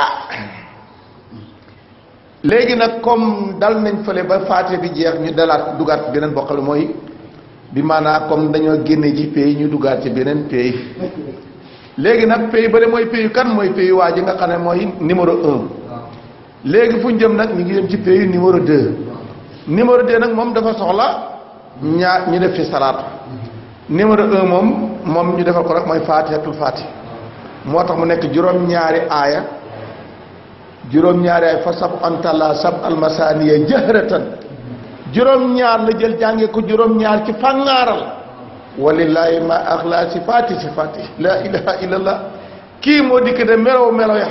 ah léegi nag comme dal nañ fële ba faate bi jeex ñu dalaat dugaat ci beneen bokkal mooy bi maanaa comme dañoo génne ji pays ñu dugaat ci beneen pays léegi nag ba bële mooy pays kan mooy pays waa ji nga xam ne mooy numéro un léegi fu ñu jëm nag ñu ngi dem ci pays numéro deux numéro de nag moom dafa soxla ñaar ñu def fi salaat numéro un moom moom ñu defal ko rek mooy faatihatul faatiha moo tax mu nekk juróom-ñaari aaya juróom-ñaari aaya fa sab antala sab almasaniya jahratan juróom-ñaar la jël jànge ko juróom-ñaar ci fàngaaral walillahi ma axla sifaati sifaati la ilaha illallah kii moo dikk de melow melow ya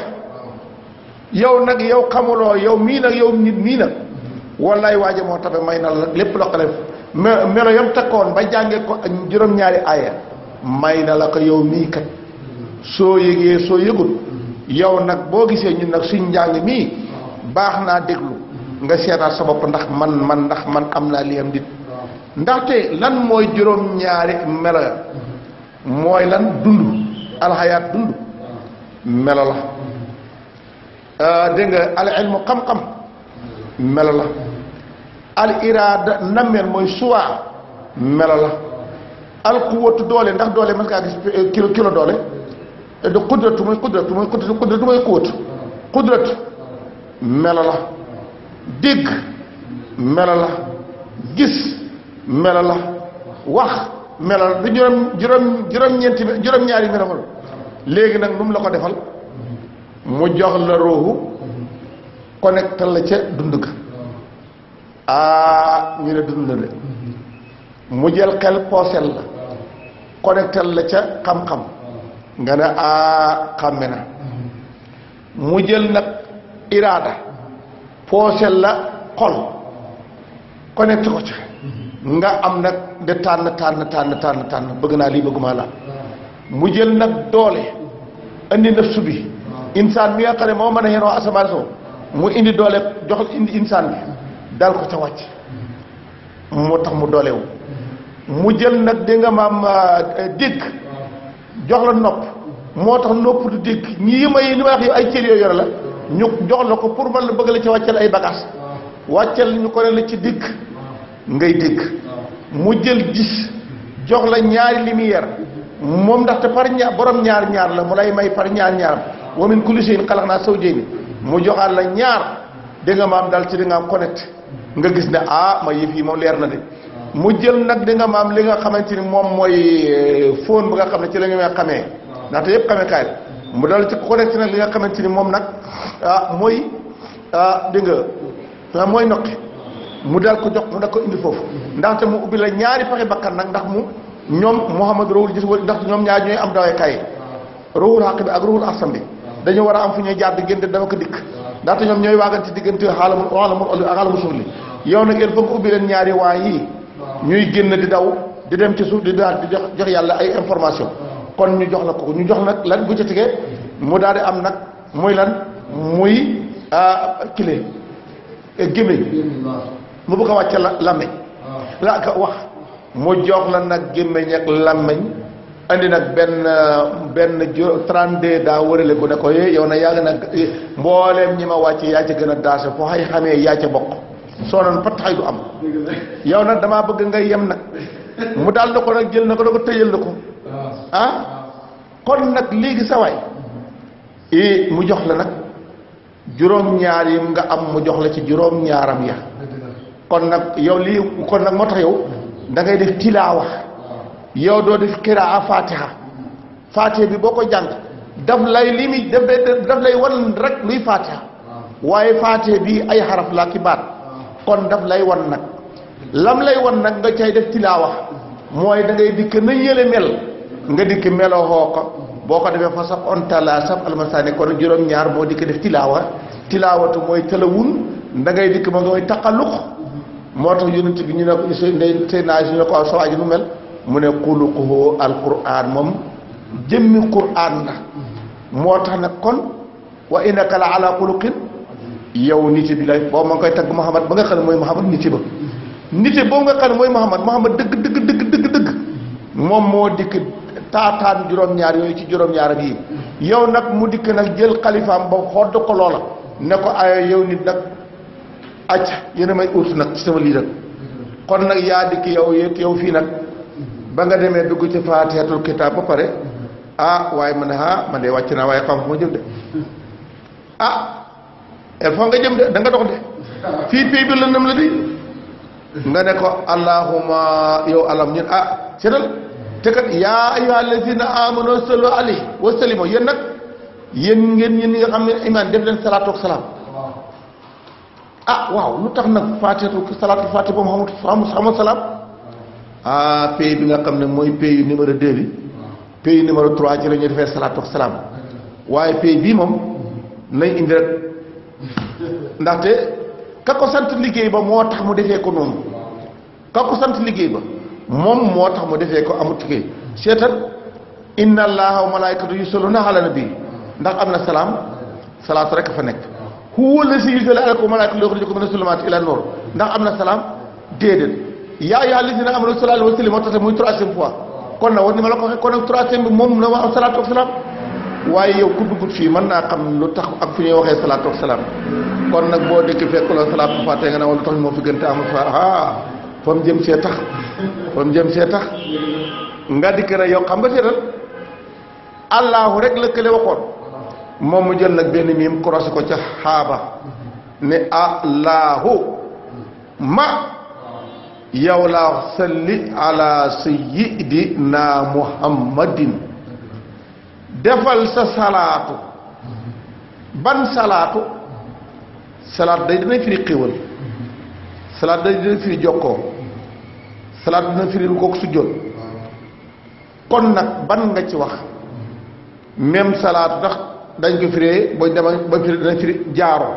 yow nag yow xamuloo yow mii nag yow nit mii nag wallaay waaje moo tabe may na la lépp la ko def yam takkoon ba jànge ko juróom-ñaari aaya may na la ko yow mii kat soo yëgee soo yégul yow nag boo gisee ñun nag suñ njàng mii baax naa déglu nga seetaat sa bopp ndax man man ndax man am naa li am dit ndaxte lan mooy juróom-ñaari melo ya mooy lan dund alxayaat dund melo la euh, dégg nga al ilmu xam-xam melo la al iraada nammeel mooy suwaa melo la al quwwatu doole ndax doole mas kaa gis euh, kilo doole et de qudratu muy qudratu muy qudratu qudratu mooy quwat qudratu melo la dégg melo la gis melo la wax melo la du juróom juróom juróom-ñeenti juróom-ñaari melo léegi nag nu mu la ko defal mu jox la ruuxu connecté la ca dund ga ah ñu ne dund la de mu jël xel poosel la connecté la ca xam-xam nga ne a xàmme na mu jël nag iraada poosel la xol connecté ko ci nga am nag de tànn tànn tànn tànn tànn bëgg naa lii bëgguma laa mu jël nag doole indi naf subi insaan mi nga xam ne moo mën a yenoo asamaan soo mu indi doole jox indi insaan bi dal ko ca wàcc moo tax mu doolewu mu jël nag di nga maam dégg jox la nopp moo tax nopp du dégg ñii may li ma wax yow ay cër yooyu yore la ñu jox la ko pour man la bëgg la ci wàccal ay bagages wàccal ñu ko la ci dégg ngay dégg mu jël gis jox la ñaari lumière moom ndax te par ñaar borom ñaar ñaar la mu lay may par ñaar ñaaram wa min kulli shay'in khalaqnaa zawjayni mu joxaat la ñaar dégg nga maam daal ci da am connecté nga gis ne ah ma yëf yi moom leer na de. mu jël nag di nga maam li nga xamante ni moom mooy euh, fóon bi nga xam ne ci la ñu may xamee ndaxte yëpp xamee mu dal ci connecté nag li nga xamante ni moom nag ah mooy ah, ah mooy noqi mu dal ko jox mu dal ko indi foofu ndaxte mu ubbi la ñaari pexe bakkan nag ndax mu ñoom Mouhamad rawul gis wala ndax ñoom ñaar ñooy am daway kaay rawul xaq bi ak rawul asam bi dañu war a am fu ñuy jaar di génn dama ko dikk ndaxte ñoom ñooy waagante diggante xaalamul xaalamul ak yow nag een faut nga ubbi leen ñaari waay ñuy génn di daw di dem ci suuf di daal di jox jox yàlla ay information kon ñu jox la ko ñu jox nag lan bu ci tegee mu daal di am nag muy lan muy ah, kile gémmiñ mu bëgg a wàcce la làmmiñ laa ka wax mu jox la nag gémmiñ ak làmmiñ andi nag benn benn ju 32 daa wërale bu ne ko eh, yow na yaa nag eh, mbooleem ñi ma wàcce yaa ca gën a daase foo xay xamee yaa ca bokk soo doon fattaxay du am yow nag damaa bëgg nga yem nag mu daal na ko nag jël na ko da ko tëjal na ko ah. Ah. nag léegi sa mu jox la nag juróom-ñaar yi nga am mu jox la ci juróom-ñaaram ya kon nag yow lii kon nag moo tax yow da ngay def tilaawa yow doo def kiraa fatiha fatiha bi boo ko jàng daf lay li muy daf lay daf lay wan rek luy fatiha ah. waaye fatiha bi ay xaraf laa ki baat kon daf lay wan nag lam lay wan nag nga cay def tilaawa mooy da ngay dikk na yële mel nga dikk melo xoo ko boo ko defee fa saf on tala saf almasaani kon juróom-ñaar moo dikk def tilaawa tilaawatu mooy tëlawun da ngay dikk ma ngay taqalux moo tax yonent bi ñu ne ko seen ñu ne ko sawaa ji nu mel mu ne xuluquhu alquran moom jëmmi quran la moo tax nag kon wa innaka la ala xuluqin yow nité bi lay boobu ma ngi koy tagg Muhammad ba nga xam ne mooy Muhammad nité ba nité boobu nga xam ne mooy Muhammad Muhammad dëgg dëgg dëgg dëgg dëgg moom moo dikk taataan juróom-ñaar yooyu ci juróom-ñaar ak yi yow nag mu dikk nag jël xalifaam ba xodd ko loola ne ko ayo yow nit nag acca yéen a may ut nag ci sama lii nag kon nag yaa dikk yow yeeg yow fii nag ba nga demee dugg ci faatihatul kitaab ba pare ah waaye ma ne ah man de wàcc naa waaye xam fu ma de ah, el eh, foo nga jëm de da dox de fii pay bi lëndëm la di nga ne ko allahuma yow alam ñun ah seetal te kat yaa ayyuha allazina amanu sallu alayhi wa sallimu yéen nag yéen ngeen ñun ñi xam ne iman def leen salaatu salaam ah waaw lu tax nag faatihatu salaatu faatih ba mu xamut xamut salaam ah bi nga xam ne mooy pay numéro 2 bi pay numéro 3 ci la ñuy defee salaam waaye pay bii moom nañ indi rek ndaxte ka sant liggéey ba moo tax mu defee ko noonu ka sant liggéey ba moom moo tax mu defee ko amut liggéey seetal inna allaha wa malaikatu yusalluna ala nabi ndax am na salaam salaatu rek fa nekk huwa allazi yusalla alaykum wa malaikatu yukhrijukum min as-zulumati ila an-nur ndax am na salaam déedéet yaa ayyuha allazina amanu sallu alayhi wa sallimu taslima muy troisième fois kon na woon ni ma la ko waxee kon nag troisième bi moom na ma am salaatu wa salaam waaye yow ku duggut fii mën naa xam lu tax ak fu ñuy waxee salaatu wa salaam kon nag boo dëkk fekkuloo salaatu fa tey nga ne wala tax moo fi gën te amul fa ah fa jëm see tax fa mu jëm see nga dikk rek yow xam nga seetal allahu rek la kële waxoon moom mu jël nag benn miim croisé ko ca xaaba ne allahu ma yow laa salli ala sayyidina muhammadin defal sa salaatu ban salaatu salaat day dina firi xéwal salaat day dina firi jokkoo salaat dina firi rukook sujjóot kon nag ban nga ci wax même salaatu ndax dañ ko firee booy dema ba firi dina firi jaaro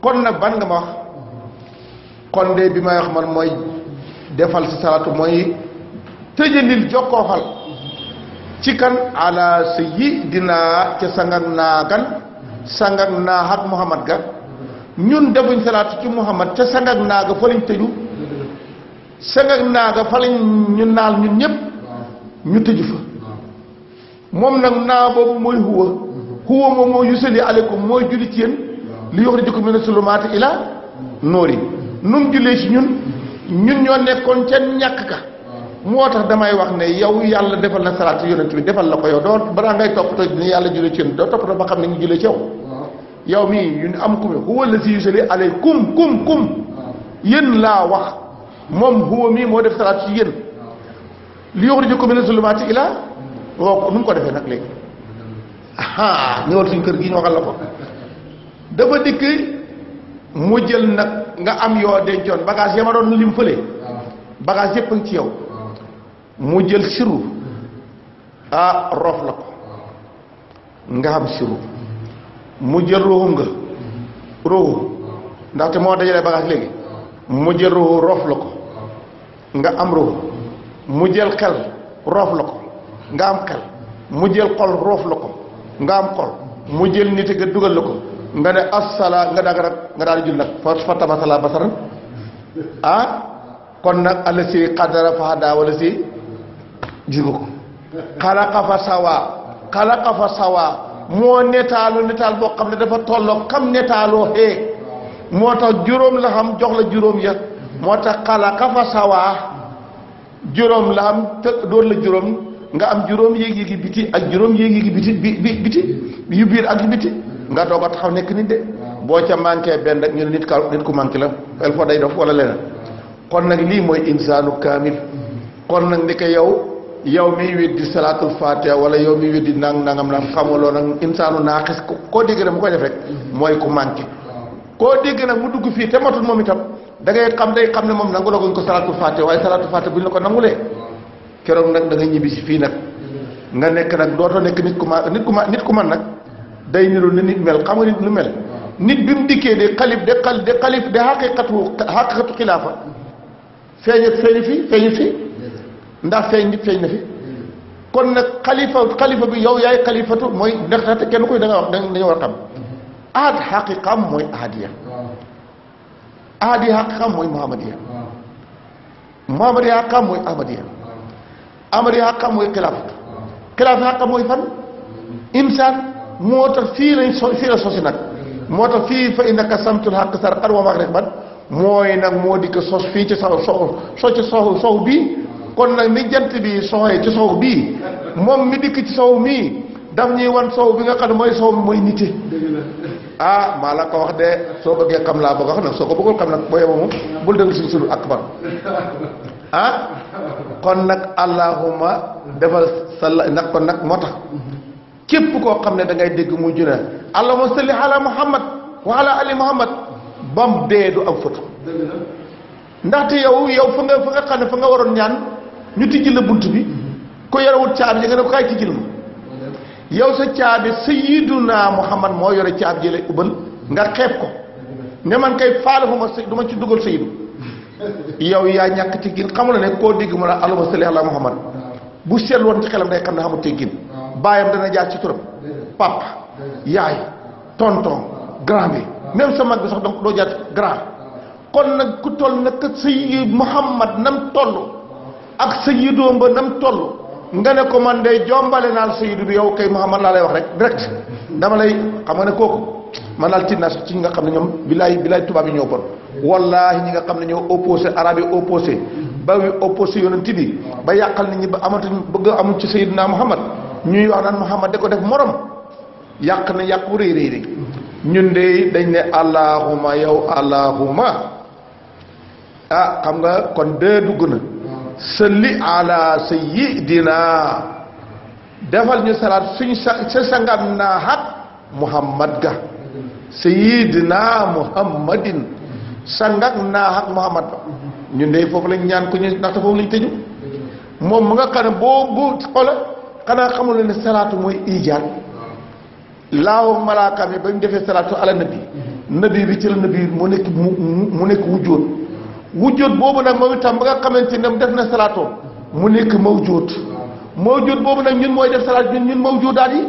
kon nag ban nga ma wax kon de bi may wax man mooy defal sa salaatu mooy tëjandil jokkoofal ci kan ala sayyidina ca sangak naa kan sangak naa ak muhammad ga ñun defuñ salaatu ci muhammad ca sangak naa ga fa lañ tëju sangak naa ga fa lañ ñu naal ñun ñëpp ñu tëju fa moom nag naa boobu mooy huwa huwa moom mooy yusalli aleykum mooy julli ci yéen li yuxrijakum mina sulumaati ila noori nun jullee ci ñun ñun ñoo nekkoon ca ñàkk ka moo tax damay wax ne yow yàlla defal na salaat ci yonent bi defal la ko yow doo balaa ngay toppatoo ni yàlla julee ci yonent doo toppatoo ba xam ne ñu julee ci yow yow mii ñu am kum huwa lazi yusalli alay kum kum kum laa wax moom def salaat ci yéen li yuxrijakum mina zulumaati mu ko defee nag léegi aha ñëwal suñu kër la ko dafa dikk mu jël nag nga am yoo dencoon bagage yama doon lim fële bagage yëpp a ci yow mu jël siru ah roof la ko nga xam siru mu jël ruuxu nga ruuxu ndaxte moo dajale bagage léegi mu jël ruuxu roof la ko nga am ruuxu mu jël xel roof la ko nga am xel mu jël xol roof la ko nga am xol mu jël nit nga dugal la ko nga ne asala nga daga nga daal di jul nag fa fa tabasala basaran ah kon nag ala si xadara fa xadaa wala si juróom ko xalaqa fa sawaa xalaqa fa moo netaalu netaal boo xam ne dafa tolloo kam netaaloo xee moo tax juróom la xam jox la juróom ya moo tax xalaqa fa sawaa juróom la am te door la juróom nga am juróom yéeg yéegi biti ak juróom yéeg yéegi biti biti yu biir ak biti nga doog a taxaw nekk nit de boo ca manqué benn rek ñu ne nit ka nit ku manqué el fo day dof wala leneen kon nag lii mooy insaanu kaamil kon nag ni ko yow yow miy weddi salaatul fatiha wala yow miy weddi nang nangam nag xamuloo nag insaanu naaxis koo dégg nag mu koy def rek mooy ku manqué koo dégg nag mu dugg fii te matul moom itam da ngay xam day xam ne moom nangu la guñ ko salaatul fatiha waaye salaatul fatiha bu ñu la ko nangulee keroog nag dangay nga ñibbi si fii nag nga nekk nag dootoo nekk nit ku ma nit ku ma nit ku man nag day niru ne nit mel xam nga nit lu mel nit bi mu dikkee de xalif de xal de xalif de xaqiqatu xaqiqatu xilaafa feeñat feeñu fi feeñu fi ndax feeñ nit feeñ na fi kon nag xalifa xalifa bi yow yaay xalifatu mooy ndaxte kenn koy da nga wax dañu war a xam aad xaqiqam mooy aadiya aadi xaqiqam mooy muhammadiya muhammadiya xaqiqam mooy amadiya amadiya xaqiqam mooy xilaafatu xilaafatu xaqiqam mooy fan insaan moo tax fii lañ so fii la sosi moo tax fii fa innaka samtul xaq sarqan wa mag rek mooy nag moo di sos fii ci saw sow so kon nag mi jant bi soxee ci sow bii moom mi dikk ci sow mii daf ñuy wan sow bi nga xam ne mooy sow bi mooy nite ah maa la ko wax de soo bëggee laa bëgg soo ko bëggul xam nag bul déglu suñ sunu akbar ah kon nag allahuma defal salla nag kon nag moo tax képp koo xam ne dangay dégg mu juna allahuma salli ala muhammad wa ala ali muhammad bam dee du am fët ndaxte yow yow fa nga fa nga xam ne fa nga waroon ñaan ñu tijji la bunt bi ku yorewul caabi ji nga ne ko kaay tijjil ma yow sa caabi sayyiduna Muhammad moo yore caabi ji lay ubbal nga xeeb ko ne man kay faalafuma sa du ma ci dugal sayyidu yow yaa ñàkk teggin xamul ne koo dégg mu ne allahumma salli ala Muhammad bu seetlu woon ci xelam day xam ne xamul teggin baayam dana jaar ci turam papa yaay tonton grand bi même sa mag bi sax doo jaar grand kon nag ku toll nag sa Muhammad nam toll. ak sa yidóom ba nam toll nga ne ko man de jombale naal sa bi yow kay Muhammad laa lay wax rek direct dama lay xam nga ne kooku man daal ci nas ci ñi nga xam ne ñoom bilaay bilaay tubaab yi ñoo bon wallaahi ñi nga xam ne ñoo opposé arabe opposé ba wi opposé yonent bi ba yàqal nit ñi ba amatuñ bëgg a ci ci Seydina Muhammad ñuy wax naan Muhammad de ko def morom yàq na yàqu rëy rëy ñun de dañ ne allahuma yow allahuma ah xam nga kon dee dugg na salli ala sayyidina defal ñu salaat suñ sa sangam naa xat muhammad ga sayyidina muhammadin sangak naa xat muhammad ba ñun de foofu lañ ñaan ko ñu ndaxte foofu lañ tëju moom mu nga xam ne boo bu xoola xanaa xamul ne salaatu mooy ijaat laaw malaaka ba ñu defee salaatu ala nabi nabi bi ci la nabi mu nekk mu mu nekk wujjoon wujjóot boobu nag moom itam ba nga xamante ne mu def na salaatoo mu nekk mawjuud mawjuud boobu nag ñun mooy def salaat ñun ñun mawjuudaat yi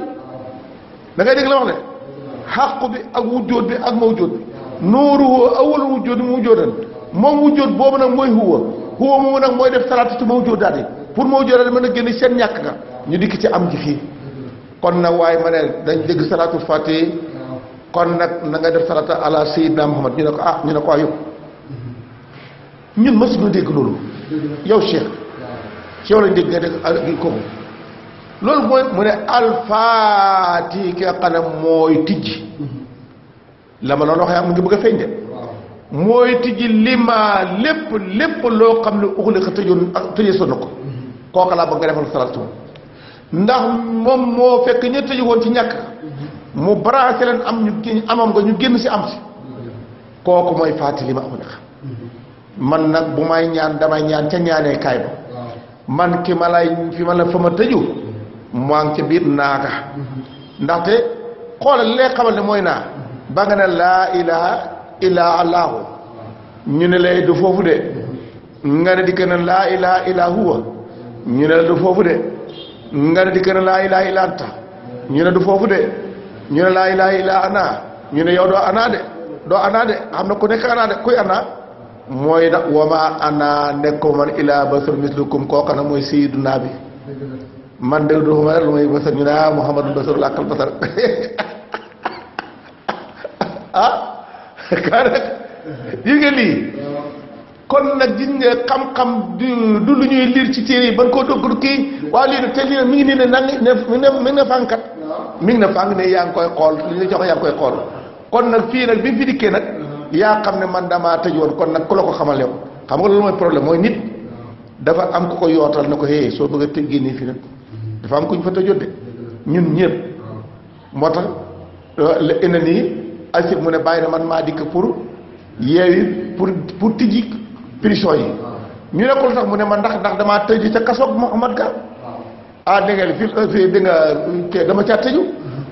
da ngay dégg la wax ne bi ak wujjóot bi ak mawjuud bi nooruhu awal wujjóot bi mu wujjóotan moom wujjóot boobu nag mooy huwa huwa moomu nag mooy def salaat ci mawjuudaat yi pour mawjuudaat yi mën a génn seen ñàkk nga ñu dikk ci am ji fii kon na waaye ma ne dañ dégg salaatul fatih kon nag na nga def salaata ala sayyidina muhammad ñu ne ko ah ñu ne ko ayub ñun mësuñu dégg loolu yow Cheikh ci yow lañ dégg nga dégg kooku loolu mooy mu ne alfaati ki nga xam mooy tijji la ma noonu waxee am mu ngi bëgg a feeñ lépp loo xam ne uxuli ko tëjoon ak tëjee sonn ko kooka laa bëgg nga woon ci ñàkk mu branché leen am ñu amam ñu génn ci am si kooku mooy faati lima amu ñax man nag bu may ñaan damay ñaan ca ñaanee kaay ba man kii ma lay fi ma la fa ma tëju mm-hmm. maa ngi ca biir naaka mm-hmm. ndaxte xoolal li lay ne mooy naa mm-hmm. ba nga ne laa ilaha illaa allahu ñu ne lay du foofu de nga ne di ke ne laa ilaha illaa huwa ñu ne la di ke ne laa ilaha anta ñu ne du foofu de ñu ne laa ilaha illaa ana ñu ne yow doo ana de doo ana de xam na ku nekk ana de kuy ana mooy nag wama ana nekkoo man ilaa basar mislukum kooka nag mooy sayyiduna bi man de du ma lu may basar ñu naa ah Muhammadu basar la akal basar ah kaa yi nga lii kon nag gis nga xam-xam du lu ñuy liir ci téere yi ban koo dogg kii waa lii nag te lii nag mi ngi nii ne nangi ne mi ngi ne mi ngi ne fànkat yaa ngi koy xool li ñu jox yaa ngi koy xool kon nag fii nag bi mu fi dikkee nag yaa xam ne man damaa tëj woon kon nag ku la ko xamal yow xam nga loolu mooy problème mooy nit dafa am ku ko yootal na ko hey soo bëgg a tëj génnee fi nag dafa am ku ñu fa tëjoon ñun ñëpp moo tax euh, la indi mu ne bàyyi na man maa dikk pour yeewi pour pour tijji prison yi tax mu ne ma ndax ndax damaa tëj ca kasoog Mouhamad Ga ah dégg nga fi fi euh, dégg nga dama caa tëju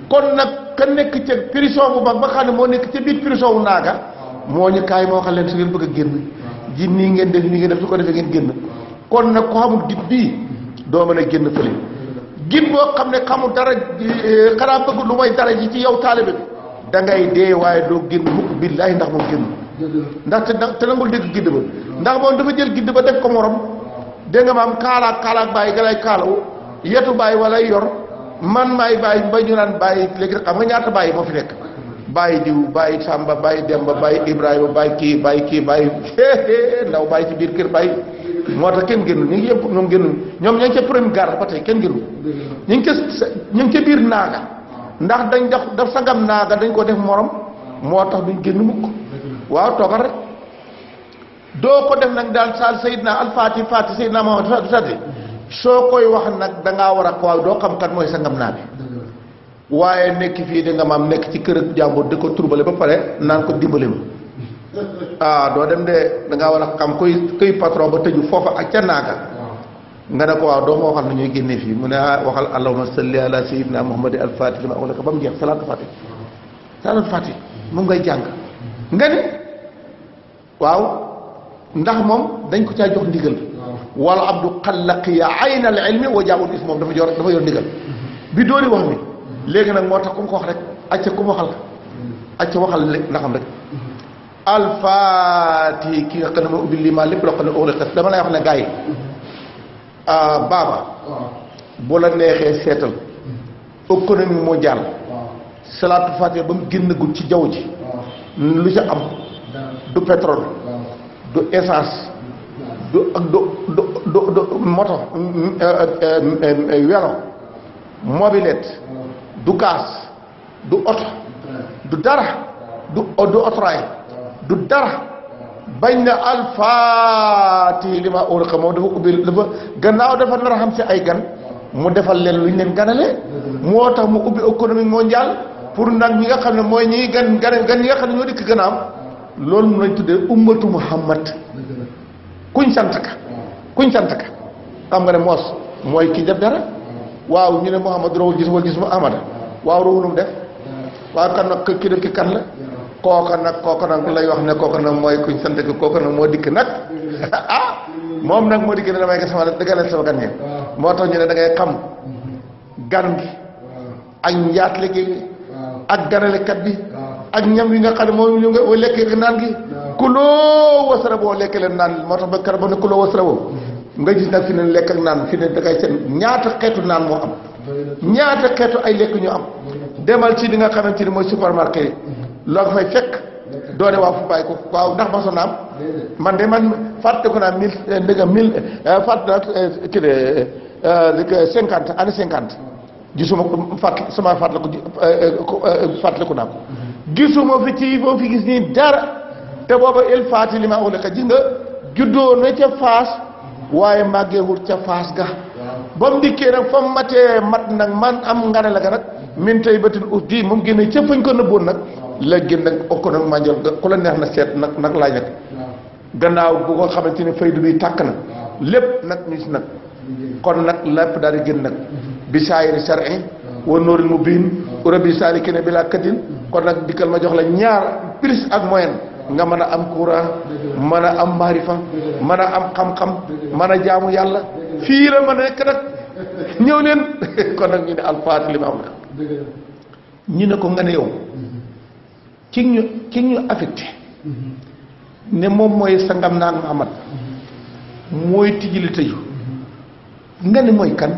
kon nag ka nekk ca prison bu mag ba xam ne moo nekk ca biir prison wu naaga moo ñu kaay moo xam leen su ngeen bëgg a génn ji nii ngeen def nii ngeen def su ko defee ngeen génn kon nag ko xamul gib bii doo mën a génn fële gib boo xam ne xamul dara eh, xanaa bëgg lu may dara ji ci yow taalibe bi da ngay dee waaye doo génn mukk billaahi ndax moom génn ndax te te nangul dégg gidd ba ndax moom dafa jël gidd ba def ko morom dégg nga maam kaalaak kaalaak bàyyi nga lay kaalaw yetu bàyyi wala yor man maay bàyyi ba ñu naan bàyyi léegi xam nga ñaata bàyyi moo fi nekk bàyyi diw bàyyi Samba bàyyi Demba bàyyi Ibrahima bàyyi kii bàyyi kii bàyyi ndaw bàyyi ci biir kër bàyyi moo tax kenn génnu ñu ngi yëpp ñoom génnu ñoom ña ngi ca premier garde ba ñu ngi ca ñu ngi ca biir naaga ndax dañ def daf naa naaga dañ ko def morom moo tax duñ génn mukk waaw toogal rek doo ko def nag daal saal Seydina Alfaati Faati Seydina Muhammad Faati soo koy wax nag danga war a ko doo xam kat mooy sangam naa bi waaye nekk fii da nga maam nekk ci kër ak jàmbur di ko turbale ba pare naan ko dimbali ma ah doo dem de da ngaa war a xam kuy kuy patron ba tëju foofa ak ca naaga nga ne waaw doo ma waxal na génne fii mu ne ah, waxal allahumma salli ala sayyidina muhammad al fatih lima ughliqa ba mu jeex salaatu fatih salaatu fatih ngay jàng ndax moom dañ ko caa jox ndigal wala abdu xallaqiya ayna al ilmi wa jaawul is moom dafa yor dafa yor ndigal bi doori wax mi léegi nag moo tax ku ko wax rek acca ku mu waxal acca waxal na xam rek alfaati ki nga xam ne ubbi lii maa lépp loo xam ne óola xes dama lay ah, la neexee seetal économie mondiale salaatu faatee ba mu génn gul ci jaw ji lu ca am du pétrole du essence du du du du moto vélo euh, euh, euh, mobilette du kaas du oto du dara du du otoraay du dara bañ na alfaati li ma uliqa moom dafa ubbi dafa gannaaw dafa nar a xam si ay gan mu defal leen luñ leen ganale moo tax mu ubbi économie mondiale pour nag ñi nga xam ne mooy ñi gan gan gan ñi nga xam ne ñoo dikk gannaam loolu mu lañ tuddee ummatu muhammad kuñ sant ka kuñ sant ka xam nga ne moos mooy kii def dara waaw ñu ne muhammad rawul gis wal gis mu amada waaw ruum lu mu def waaw kan nag ki def ki kan la kooka nag kooka nag lay wax ne kooka nag mooy kuñ sant ki kooka nag moo dikk nag ah moom nag moo dikk ne damay sama dëggalee sama da ngay xam gan gi ak njaatle gi ak ganalekat bi ak ñam yi nga xam ne moom ñu nga lekk naan gi kuloo wasara boo lekk leen naan moo tax ba kar ba ne kuloo wasara boo nga gis nag fi ne lekk ak naan fi ne dangay seen ñaata xeetu naan moo am ñaata xeetu ay lekk ñu am demal ci li nga xamante ni mooy supermarché yi mm-hmm. loo nga fay fekk mm-hmm. doo ne fu bàyyi ko waaw ndax ma sonaam man de man fàtte ko naa mille eh, ndëga mille eh, fàtte naa eh, cinquante année cinquante gisuma ko fàtt sama fàttali ko fàttali mm-hmm. fi ci boo gis nii dara te booba il faati li ma wax la ji nga juddoo na ca faas waaye màggeewul ca faas ga ba mu dikkee nag fa matee mat nag man am ngare la ga nag min tey batil us dii moom génne ca fañ ko nëbboon nag la génn nag okk nag manjol ku la neex na seet nag nag laaj nag gannaaw bu xamante ne faydu bi tàkk na lépp nag mis nag kon nag lépp daal di génn nag bi saayiri sar'i wa noorin mu biin urabi saali kene bi laa katin kon nag dikkal ma jox la ñaar plus ak moyen nga mën a am courant mën a am maarifa mën a am xam-xam mën a jaamu yàlla fii la ma nekk nag ñëw leen kon nag ñu ne alfaati li ma am na ñu ne ko nga ne yow ki ñu ki ñu affecté ne moom mooy sangam naan Mahamad mooy tijjili tëju nga ne mooy kan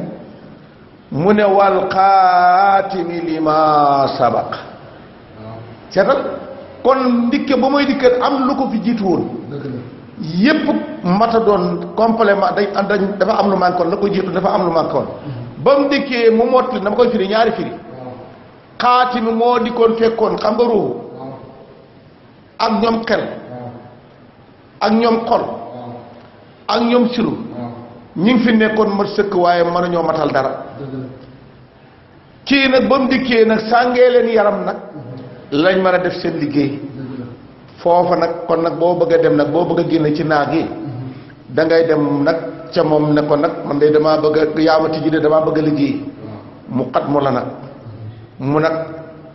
mu ne wal xaatimi li ma sabaq seetal kon ndikke ba muy dikkee am lu ko fi jiitu woon yépp mata doon complément dañ dañ dafa am lu manquoon la ko jiitu dafa am lu manquoon ba mu dikkee mu mottali dama koy firi ñaari firi xaati mi moo dikkoon fekkoon xam nga ruuxu ak ñoom xel ak ñoom xol ak ñoom suru ñi ngi fi nekkoon ma sëkk waaye mënuñoo matal dara kii nag ba mu dikkee nag sàngee leen yaram nag lañ mën a def seen liggéey foofa nag kon nag boo bëgg dem nag boo bëgg a génne ci naag yi da ngay dem nag ca moom ne ko nag man de damaa bëgg a yaama tijji de damaa bëgg liggéey mu xat mu la mu nag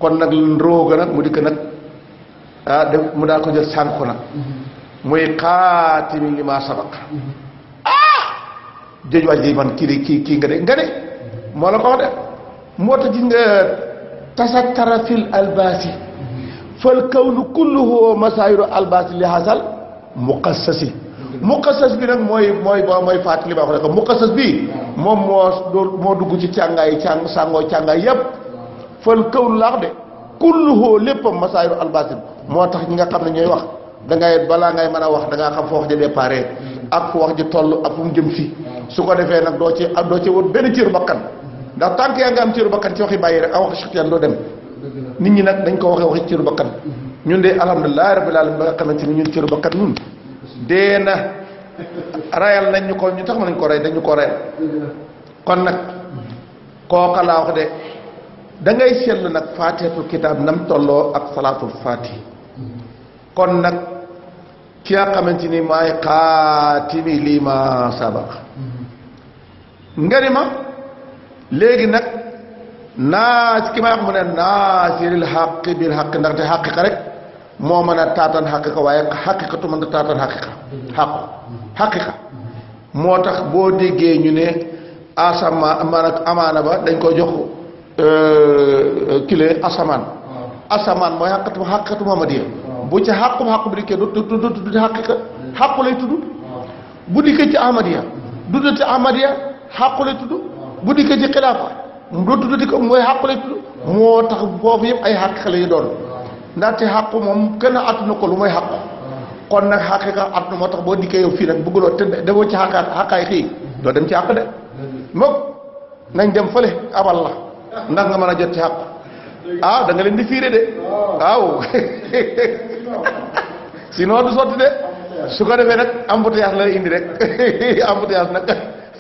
kon nag rooga nag mu dikk ah, ko jël sànku nag muy xaatimi li maa sabaq ah jëj waaj yi man kii de kii kii nga de nga de moo la ko wax de moo tax gis nga tasatara fil albaasi fal kawnu kulluhu masaayiru albaati li hasal muqassasi muqassas bi nag mooy mooy mooy fàttali baax rek muqassas bi moom moo moo dugg ci càngaay càng sàngoo càngaay yépp fal kawnu laax de kulluhu léppam masaayiru albaati moo tax ñi nga xam ne ñooy wax da balaa ngay mën a wax da ngaa xam foo wax ji déparé ak fu wax ji toll ak fu mu jëm si su ko defee nag doo ci doo ci wut benn ciiru bakkan ndax tànk yaa nga am ciiru bakkan ci waxi bàyyi rek a wax sutian doo dem nit ñi nak dañ ko waxe waxi alam bakkan ñun de alhamdulilah rabbil alamin ba nga ñun cëru bakkan ñun dee na rayal nañ ñu ko ñu tax ma ko ray dañ ko ray kon nag kooka laa wax de da ngay sel nak fatihatu kitab nam tolo ak salatu fatih kon nak ki xamanteni may qatimi lima sabaq lii ma sabax naas ki may wax mu ne naasiril xaqi bil xaqi ndaxte xaqiqa rek moo mën a taataan xaqiqa waaye xaqiqa tu mën a taataan xaqiqa xaqu xaqiqa moo tax boo déggee ñu ne asama maanaam amaana ba dañ ko jox euh, kile asamaan asamaan mooy xaqatu xaqiqatu muhammadiya bu ci xaqu xaqu bu dikkee du du du du xaqiqa hmm. xaqu lay tudd bu dikkee ci ahmadiya du du ci ahmadiya xaqu ci xilaafa doo tuddati ko mooy xàqu lay moo tax foofu yëpp ay xàq xale yu doon ndaxte xàqu moom kenn attuna ko lu mooy xàqu kon nag xaqiqa attuna moo tax boo dikkee yow fii nag bëgguloo te demoo ci xaqaat xaqaay xii doo dem ci xàq de moom nañ dem fële abal la ndax nga mën a jot ci xàqu ah danga nga leen di fiire de waaw noo du sotti de su ko defee nag embouteillage la indi rek embouteillage nag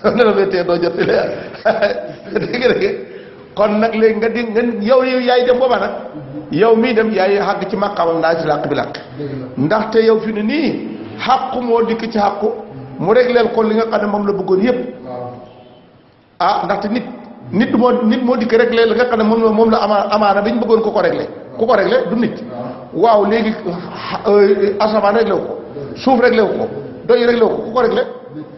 noonu la may tee doo jot ci leer kon nag léegi nga di nga yow yaay dem booba nag yow mii dem yaay xàgg ci màqaamam naa ci làq bi làq ndaxte yow fi ne nii xàqu moo dikk ci xàqu mu régleel ko li nga xam ne moom la bëggoon yëpp ah ndaxte nit nit moo nit moo dikk réglé li nga xam ne moom moom la amaa amaana bi ñu bëggoon ku ko réglé ku ko réglé du nit waaw léegi euh, asamaan réglé wu ko suuf réglé ko doy réglé wu ko ku ko réglé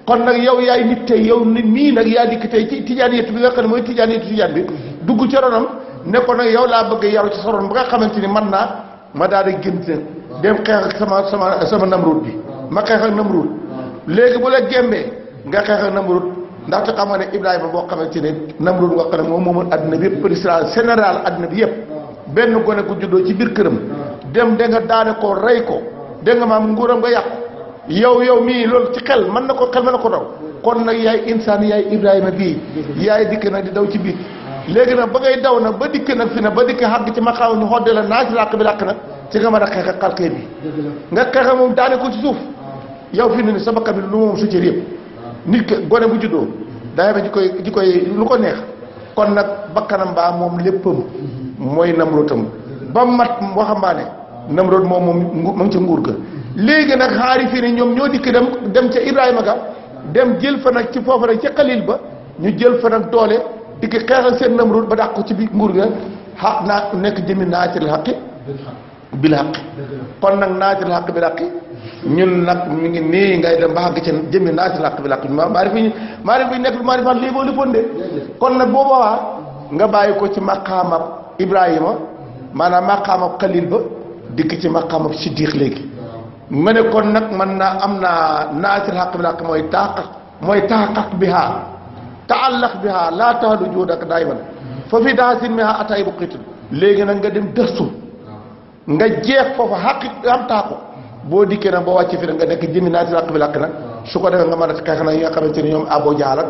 kon nag yow yaay nit tey yow nit mii nag yaa dikk tey ci tijaaniyatu bi nga xam mooy mooy tijaaniyatu tijaan bi dugg ca ronam ne nag yow laa bëgg yaru ci sa ron ba nga xamante ni man naa ma daal di génn dem xeex ak sama sama sama namruut bi ma xeex ak namruut léegi bu la gémbee nga xeex ak namruut ndaxte xam nga ne Ibrahima boo xamante ne namruut nga xam ne moom moomoon àddina bi yëpp président général àddina bi yëpp benn gone ku juddoo ci biir këram dem da nga daane ko rey ko da nga maam nguuram nga yàqu yow yow mii loolu ci xel mën na ko xel mën na ko daw kon nag yaay insaan yaay ibrahima bii yaay dikk nag di daw ci biir léegi nag ba ngay daw nag ba dikk nag fi na ba dikk xàgg ci ma xaw ni xodde la naa ci làq bi làq nag ci nga mën a xeex ak xalqee bi nga xeex moom daane ko ci suuf yow fi ne ni sa bakkan bi lu moom sucër yëpp nit ki gone bu juddoo daa yeme ji koy ji koy lu ko neex kon nag bakkanam baa moom léppam mm-hmm. mooy namrootam ba mat waxambaane nam namroot moom moom mu ngi ca nguur ga léegi nag xaarisi ne ñoom ñoo dikk dem dem ca Ibrahima ga dem jël fa nag ci foofa nag ci xalil ba ñu jël fa nag doole dikk xeexal seen namrul ba dàq ko ci biir nguur ga xaq naa nekk jëmi naatiril xaqi bil xaqi nag naatiril xaqi bil xaqi ñun nag mi ngi nii ngay dem ba àgg ca jëmi naatiril xaqi bil xaqi maa maarif yi maarif yi nekk maarif lii boo léppoon de kon nag booba waa nga bàyyi ko ci maqaamab Ibrahima maanaam maqaamab xalil ba dikk ci maqaamab siddiq léegi ma ne kon nag man naa am naa naasir xaq bi xaq mooy taaqaq mooy taaqaq bihaa taallaq bihaa laa taxalu daay dayman fa fi daasin bihaa atay bu xiitul léegi nag nga dem dëstu nga jeex foofa xaqi am taaqu boo dikkee nag boo wàcc fi nag nga nekk jëndi naasir xaq bi xaq nag su ko defee nga mën a xeex nag yi nga xamante ni ñoom abo jaalak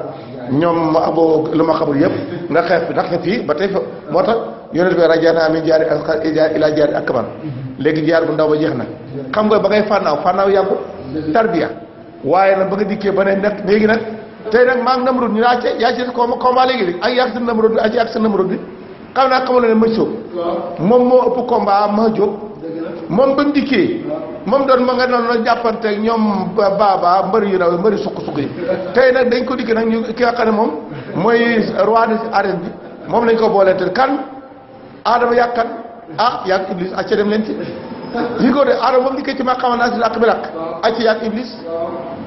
ñoom abo lu ma xamul yëpp nga xeex nga ndax fii ba tey moo tax yonent bi jaar min jaari asxar ilaa jaari akbar léegi jaar bu ndaw ba jeex na xam nga ba ngay fànnaaw fànnaaw yàggul tarbiya waaye nag ba nga dikkee ba ne nag léegi nag tey nag maa ngi namrud ñu yaa ca yaa ca combat léegi ak yaa sa namrud bi ak sa namrud bi ma sóob moom moo ëpp combat ma jóg moom ba mu dikkee moom doon ma nga noonu jàppante ak ñoom baaba mbëri yu ndaw mbëri suq-suq yi tey nag dañ ko dikkee nag ñu ki nga ne moom mooy roi des arènes bi moom lañ ko booleenteel kan Adama yàgg kan ah yàq Iblis ah dem leen ci li ko de Adama moom li ko ci ma xamal bi làq acca yàgg Iblis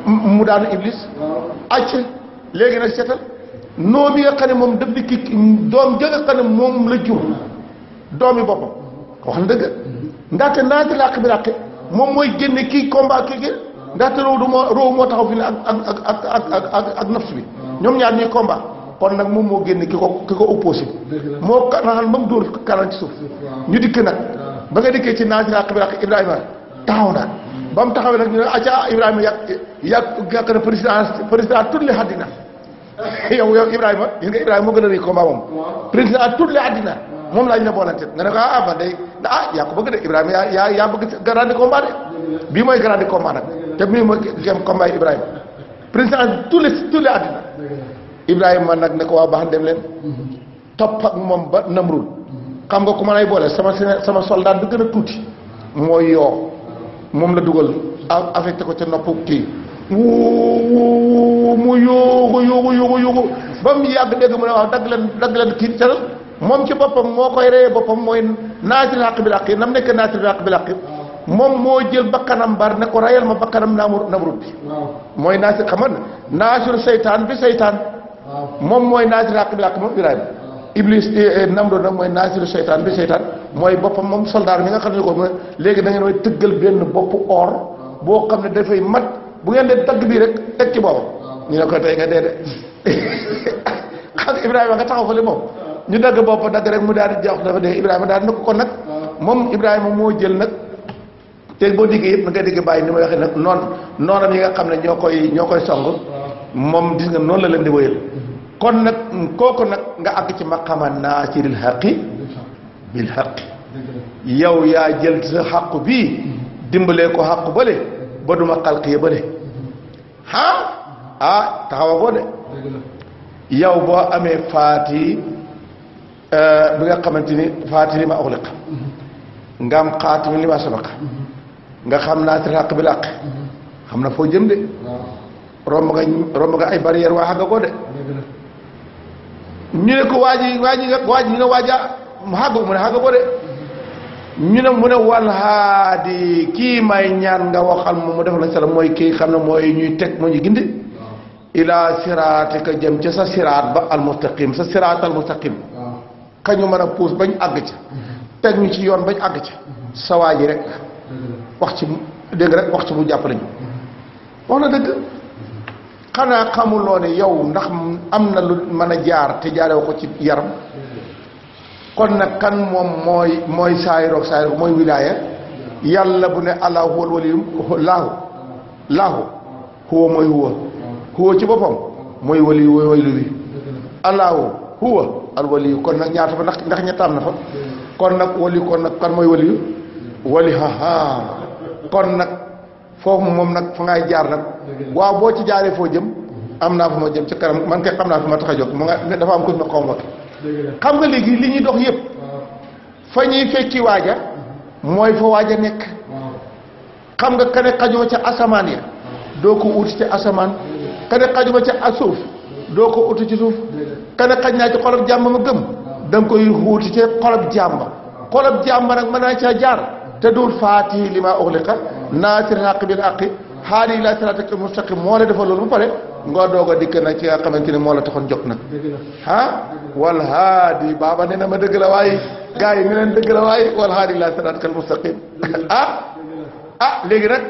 mu daanu Iblis acca léegi nag seetal noo mi nga xam ne moom daf di kii doom jëga xam ne moom la jur doomi boppam wax na dëgg ndaxte naa si bi làq moom mooy génne kii combat kii génn ndaxte roow du moo roow moo taxaw fi ne ak ak ak ak bi ñoom ñaar ñuy combat kon nag moom moo génn ki ko ki ko opposé moo raxal ba mu dóor ci suuf ñu dikk nag ba nga dikkee ci naaj raq bi raq Ibrahima taxaw na hmm. ba mu taxawee nag ñu ne acca Ibrahima yàq yàq yàq na président président toutes yow yow Ibrahima yéen nga Ibrahima moo gën a rëy combat moom président toutes les àddina moom laa ñu ne boolante nga ne ko ah, ah, ah bëgg de Ibrahima yaa yaa yaa bëgg grande combat de bii mooy grande combat nag te bii mooy gem combat Ibrahima président tous les tous àddina Ibrahima nag ne waa baax dem leen topp moom ba Namrud xam nga ku ma lay boole sama sama soldat bi gën a tuuti mooy yoo moom la dugal affecté ko ca nopp kii wuu mu yóoxu yóoxu yóoxu yóoxu ba mu yàgg dégg mu ne waaw dagg leen dagg leen kii moom ci boppam moo koy reyee boppam mooy naasiril xaq bi xaq nam nekk naasiril xaq bil xaq moom moo jël bakkanam bar ne ko ma bakkanam namrud bi mooy naasir xam nga naasir seytaan bi seytaan moom mooy naasiru xaq bi làq moom Ibrahima Iblis eh, eh, Namrud nag mooy naasiru seytaan bi seytaan mooy boppa moom soldaar mi nga xam ne ko léegi da ngeen tëggal benn boppu or boo xam ne dafay mat bu ngeen dee dagg bii rek teg ci boobu ñu ne ko tey nga de xam Ibrahima nga taxaw fa li moom ñu dagg bopp dagg mu daal di jox dafa dee Ibrahima daal na ko nag moom Ibrahima moo jël nag te boo déggee yëpp nga dégg bàyyi ma waxee nag noon noonam yi nga xam ne ñoo koy ñoo koy song moom gis nga noonu la leen di wéyal kon nag kooku nag nga àgg ci maqama naasiril xaqi bil xaqi yow yaa jël sa xàqu bii dimbalee ko xàqu bële ba duma xalqi bële ah ah taxawagoo de yow boo amee faati euh, bi nga xamante ni faati li ma uxliq nga am xaatimi li ma sabaq nga xam bil xaq xam na foo jëm de romb nga romb nga ay barrière waa xàgg ko de ñu ne ko waa ji waa ji waa ji ñu ne waa mu xàgg mu ne xàgg ko de ñu ne mu ne wal haadi kii may ñaan nga waxal moom mu defal la sala mooy kii xam ne mooy ñuy teg moo ñu gindi ila siraatika jëm ca sa siraat ba almustaqim sa siraat almustaqim kañu mën a puus bañ àgg ca teg ñu ci yoon bañ àgg ca sa waa ji rek wax ci dégg rek wax ci mu jàppale ñu wax na dëgg xanaa xamuloo ne yow ndax am na lu mën a jaar te jaarew ko ci yaram kon nag kan moom mooy mooy saayiroog saayiroog mooy wilaaya yàlla bu ne allah huwal waliyu laahu laahu huwa ci boppam mooy waliyu mooy lu bi allahu huwa al waliyu kon nag ñaata fa ndax ndax ñettaam na fa kon nag waliyu kon nag kan mooy waliyu wali haha kon nag fofu nak nak fa ngay jaar nak wa bo ci jaaré fo jëm am fa mo jëm ci karam man kay xamna fa ma tax a jóg nga dafa am ko ma convoqué xam nga legui li ñi dox yépp fa ñi fekki waaja moy fa waaja nek xam nga kané xajuma ca ya doo ko uti ci asaman kané ne xajuma ca suuf doo ko uti ci suuf kané xajna ci xolob jamm ma gëm dang koy wuuti ci xolob jamm xolob jamm nak jaar te dul fatih lima naasiril haqqi bil haqqi haadi ilaa siraatika mustaqim moo la defal loolu mu pare nga doog a dikk nag ci nga xamante ni moo la taxoon jóg nag ah wal haadi baaba nee na ma dëgg la waaye gars yi ne leen dëgg la waaye wal haadi ilaa siraatika al ah? ah, léegi nag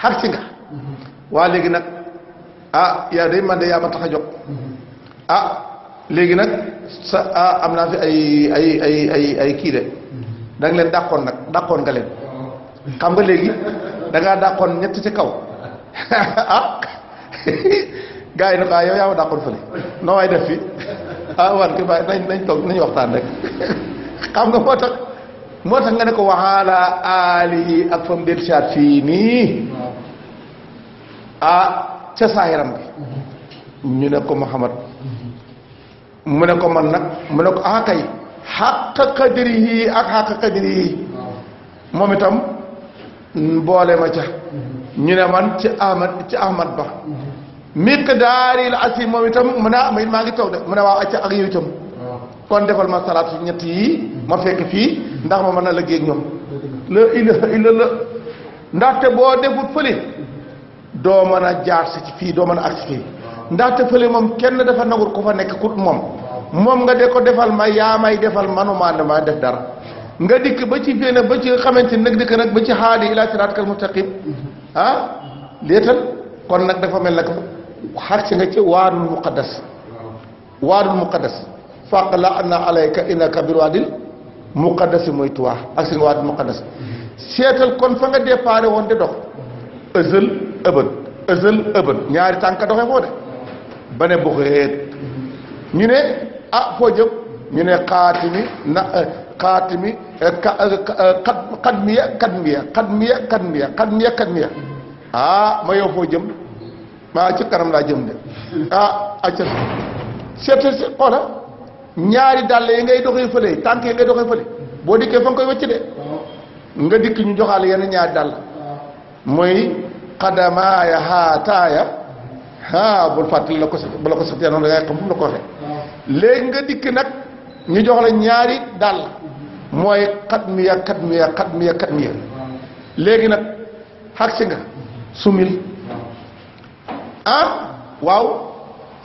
nga mm-hmm. waa léegi nag a ah, yaa day man de yaa ma tax a jóg mm-hmm. ah léegi nag sa ah am naa fi ay ay ay ay kii de mm-hmm. da leen dàqoon nag dàqoon nga leen xam nga léegi da ngaa dàqoon ñett ci kaw ah gars yi ya, ne ko ah yow yaa ma dàqoon fële noo waay def fi ah war ki bàyyi nañ nañ toog nañ waxtaan rek xam nga moo tax moo tax nga ne ko waxaala alihi ak fam del chat fii nii ah ca saahiram bi ñu ne ko Muhammad mu ne ko man nag mu ne ko ah kay xàq qadrihi ak xàq qadrihi moom itam mboole ma ca ñu ne man ci ahmad ci ahmad ba miqdaaril asi moom itam mu ne ma maa ngi toog de mu ne waaw acca ak yow itam kon defal ma salaat fi ñett yi ma fekk fii ndax ma mën a liggéey ak ñoom la ilaha illa la ndaxte boo defut fële doo mën a jaar si fii doo mën a agsi fii ndaxte fële moom kenn dafa nagul ko fa nekk kut moom moom nga de ko defal ma yaa may defal manumaa ne maa def dara nga dikk ba ci benn ba ci xamante ni nag dikk nag ba ci xaali ila siraatal mustaqim ah léetal kon nag dafa mel nag xar si nga ci waarul muqaddas waarul muqaddas faq la anna ka innaka bir waadil muqaddas mooy tuwaa ak si nga waarul muqaddas seetal kon fa nga déparé woon di dox ësël ëbën ësël ëbën ñaari tànka doxee foo de ba ne bu ñu ne ah foo jëm ñu ne xaatimi na xaatimi eh, ka eh, eh, xat xadmiya xadmiya xadmiya xadmiya xadmiya xadmiya ah ma yow foo jëm maa ci kanam laa jëm de ah acca seet seet xoola ñaari dàll yi ngay doxee fële tànk yi ngay doxee fële boo dikkee fa nga koy wëcc de nga dikk ñu joxaale yenn ñaari dàll mooy xadamaaya xaataaya ah bul fàttali la ko sax bu la ko sax te noonu da ngay xam fu mu la ko waxee léegi nga dikk nag ñu jox la ñaari dàll mooy xat mi ya xat mi ya xat léegi nag xag nga sumil ah waaw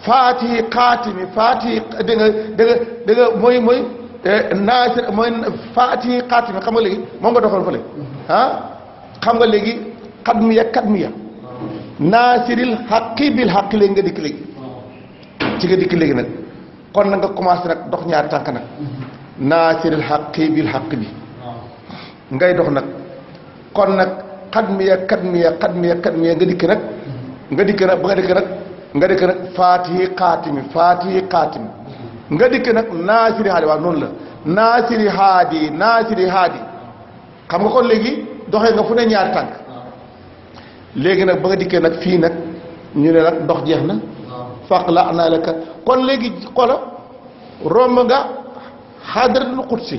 faati xaatimi faati da nga da nga mooy mooy eh, léegi moom nga doxal fële ah nga léegi xat mi ya xat mi ya naasiril xaqi bil nga dikk léegi ci nga dikk léegi nag kon na nga commencé nag dox ñaari tànk nag naasiril xaqi bil xaq bi ngay dox nag nag xat miya xat miya xat miya xat nga dikk nag nga dikk nag ba nga dikk nag nga dikk nag faatihi xaatimi faatihi xaatimi nga dikk nag naasiri haadi waaw noonu la naasiri haadi naasiri haadi xam nga kon léegi doxee nga fu ne ñaari tànk léegi nag ba nga dikkee nag fii nag ñu ne nag dox jeex na faqla naa la ka kon léegi xola romb nga xaadaratul qudsi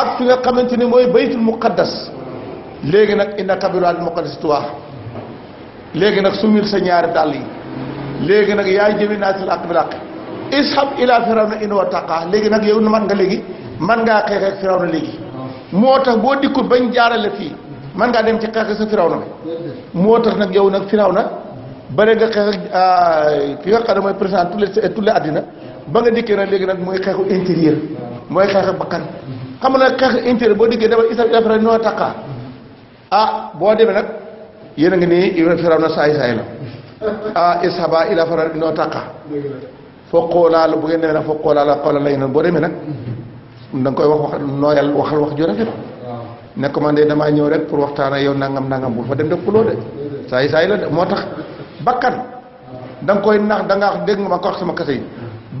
ak fi nga xamante ni mooy baytul muqaddas léegi nag inna kabilatul muqaddas tuwaa léegi nag sumil sa ñaari dàll yi léegi nag yaay jëmi naatil ak bilaq ishab ila firawna na wa taqa léegi nag yow man nga léegi man ngaa xeex ak firawna léegi moo tax boo dikkul bañ jaarale fii man ngaa dem ci xeex sa firawna bi moo tax nag yow nag na bëri nga xeex ak ki nga xam ne mooy président tulle tulle àddina ba nga dikkee nag léegi nag mooy xeexu intérieur mooy xeexu bakkan xam nga nag xeexu intérieur boo diggee dafa isa dafa noo takka ah boo demee nag yéen a ngi nii yéen firaw na saay saay la ah ishaba ila fara noo takka foo xoolaal bu ngeen demee foo xoolaal xoolal lay noonu boo demee nag da nga koy wax wax nooyal waxal wax ju rafet ne ko man ñëw rek pour waxtaan ak yow nangam nangam bu fa dem def kuloo de saay saay la de moo tax bakkan dang koy nax da nga dégg ma ko wax sama kasse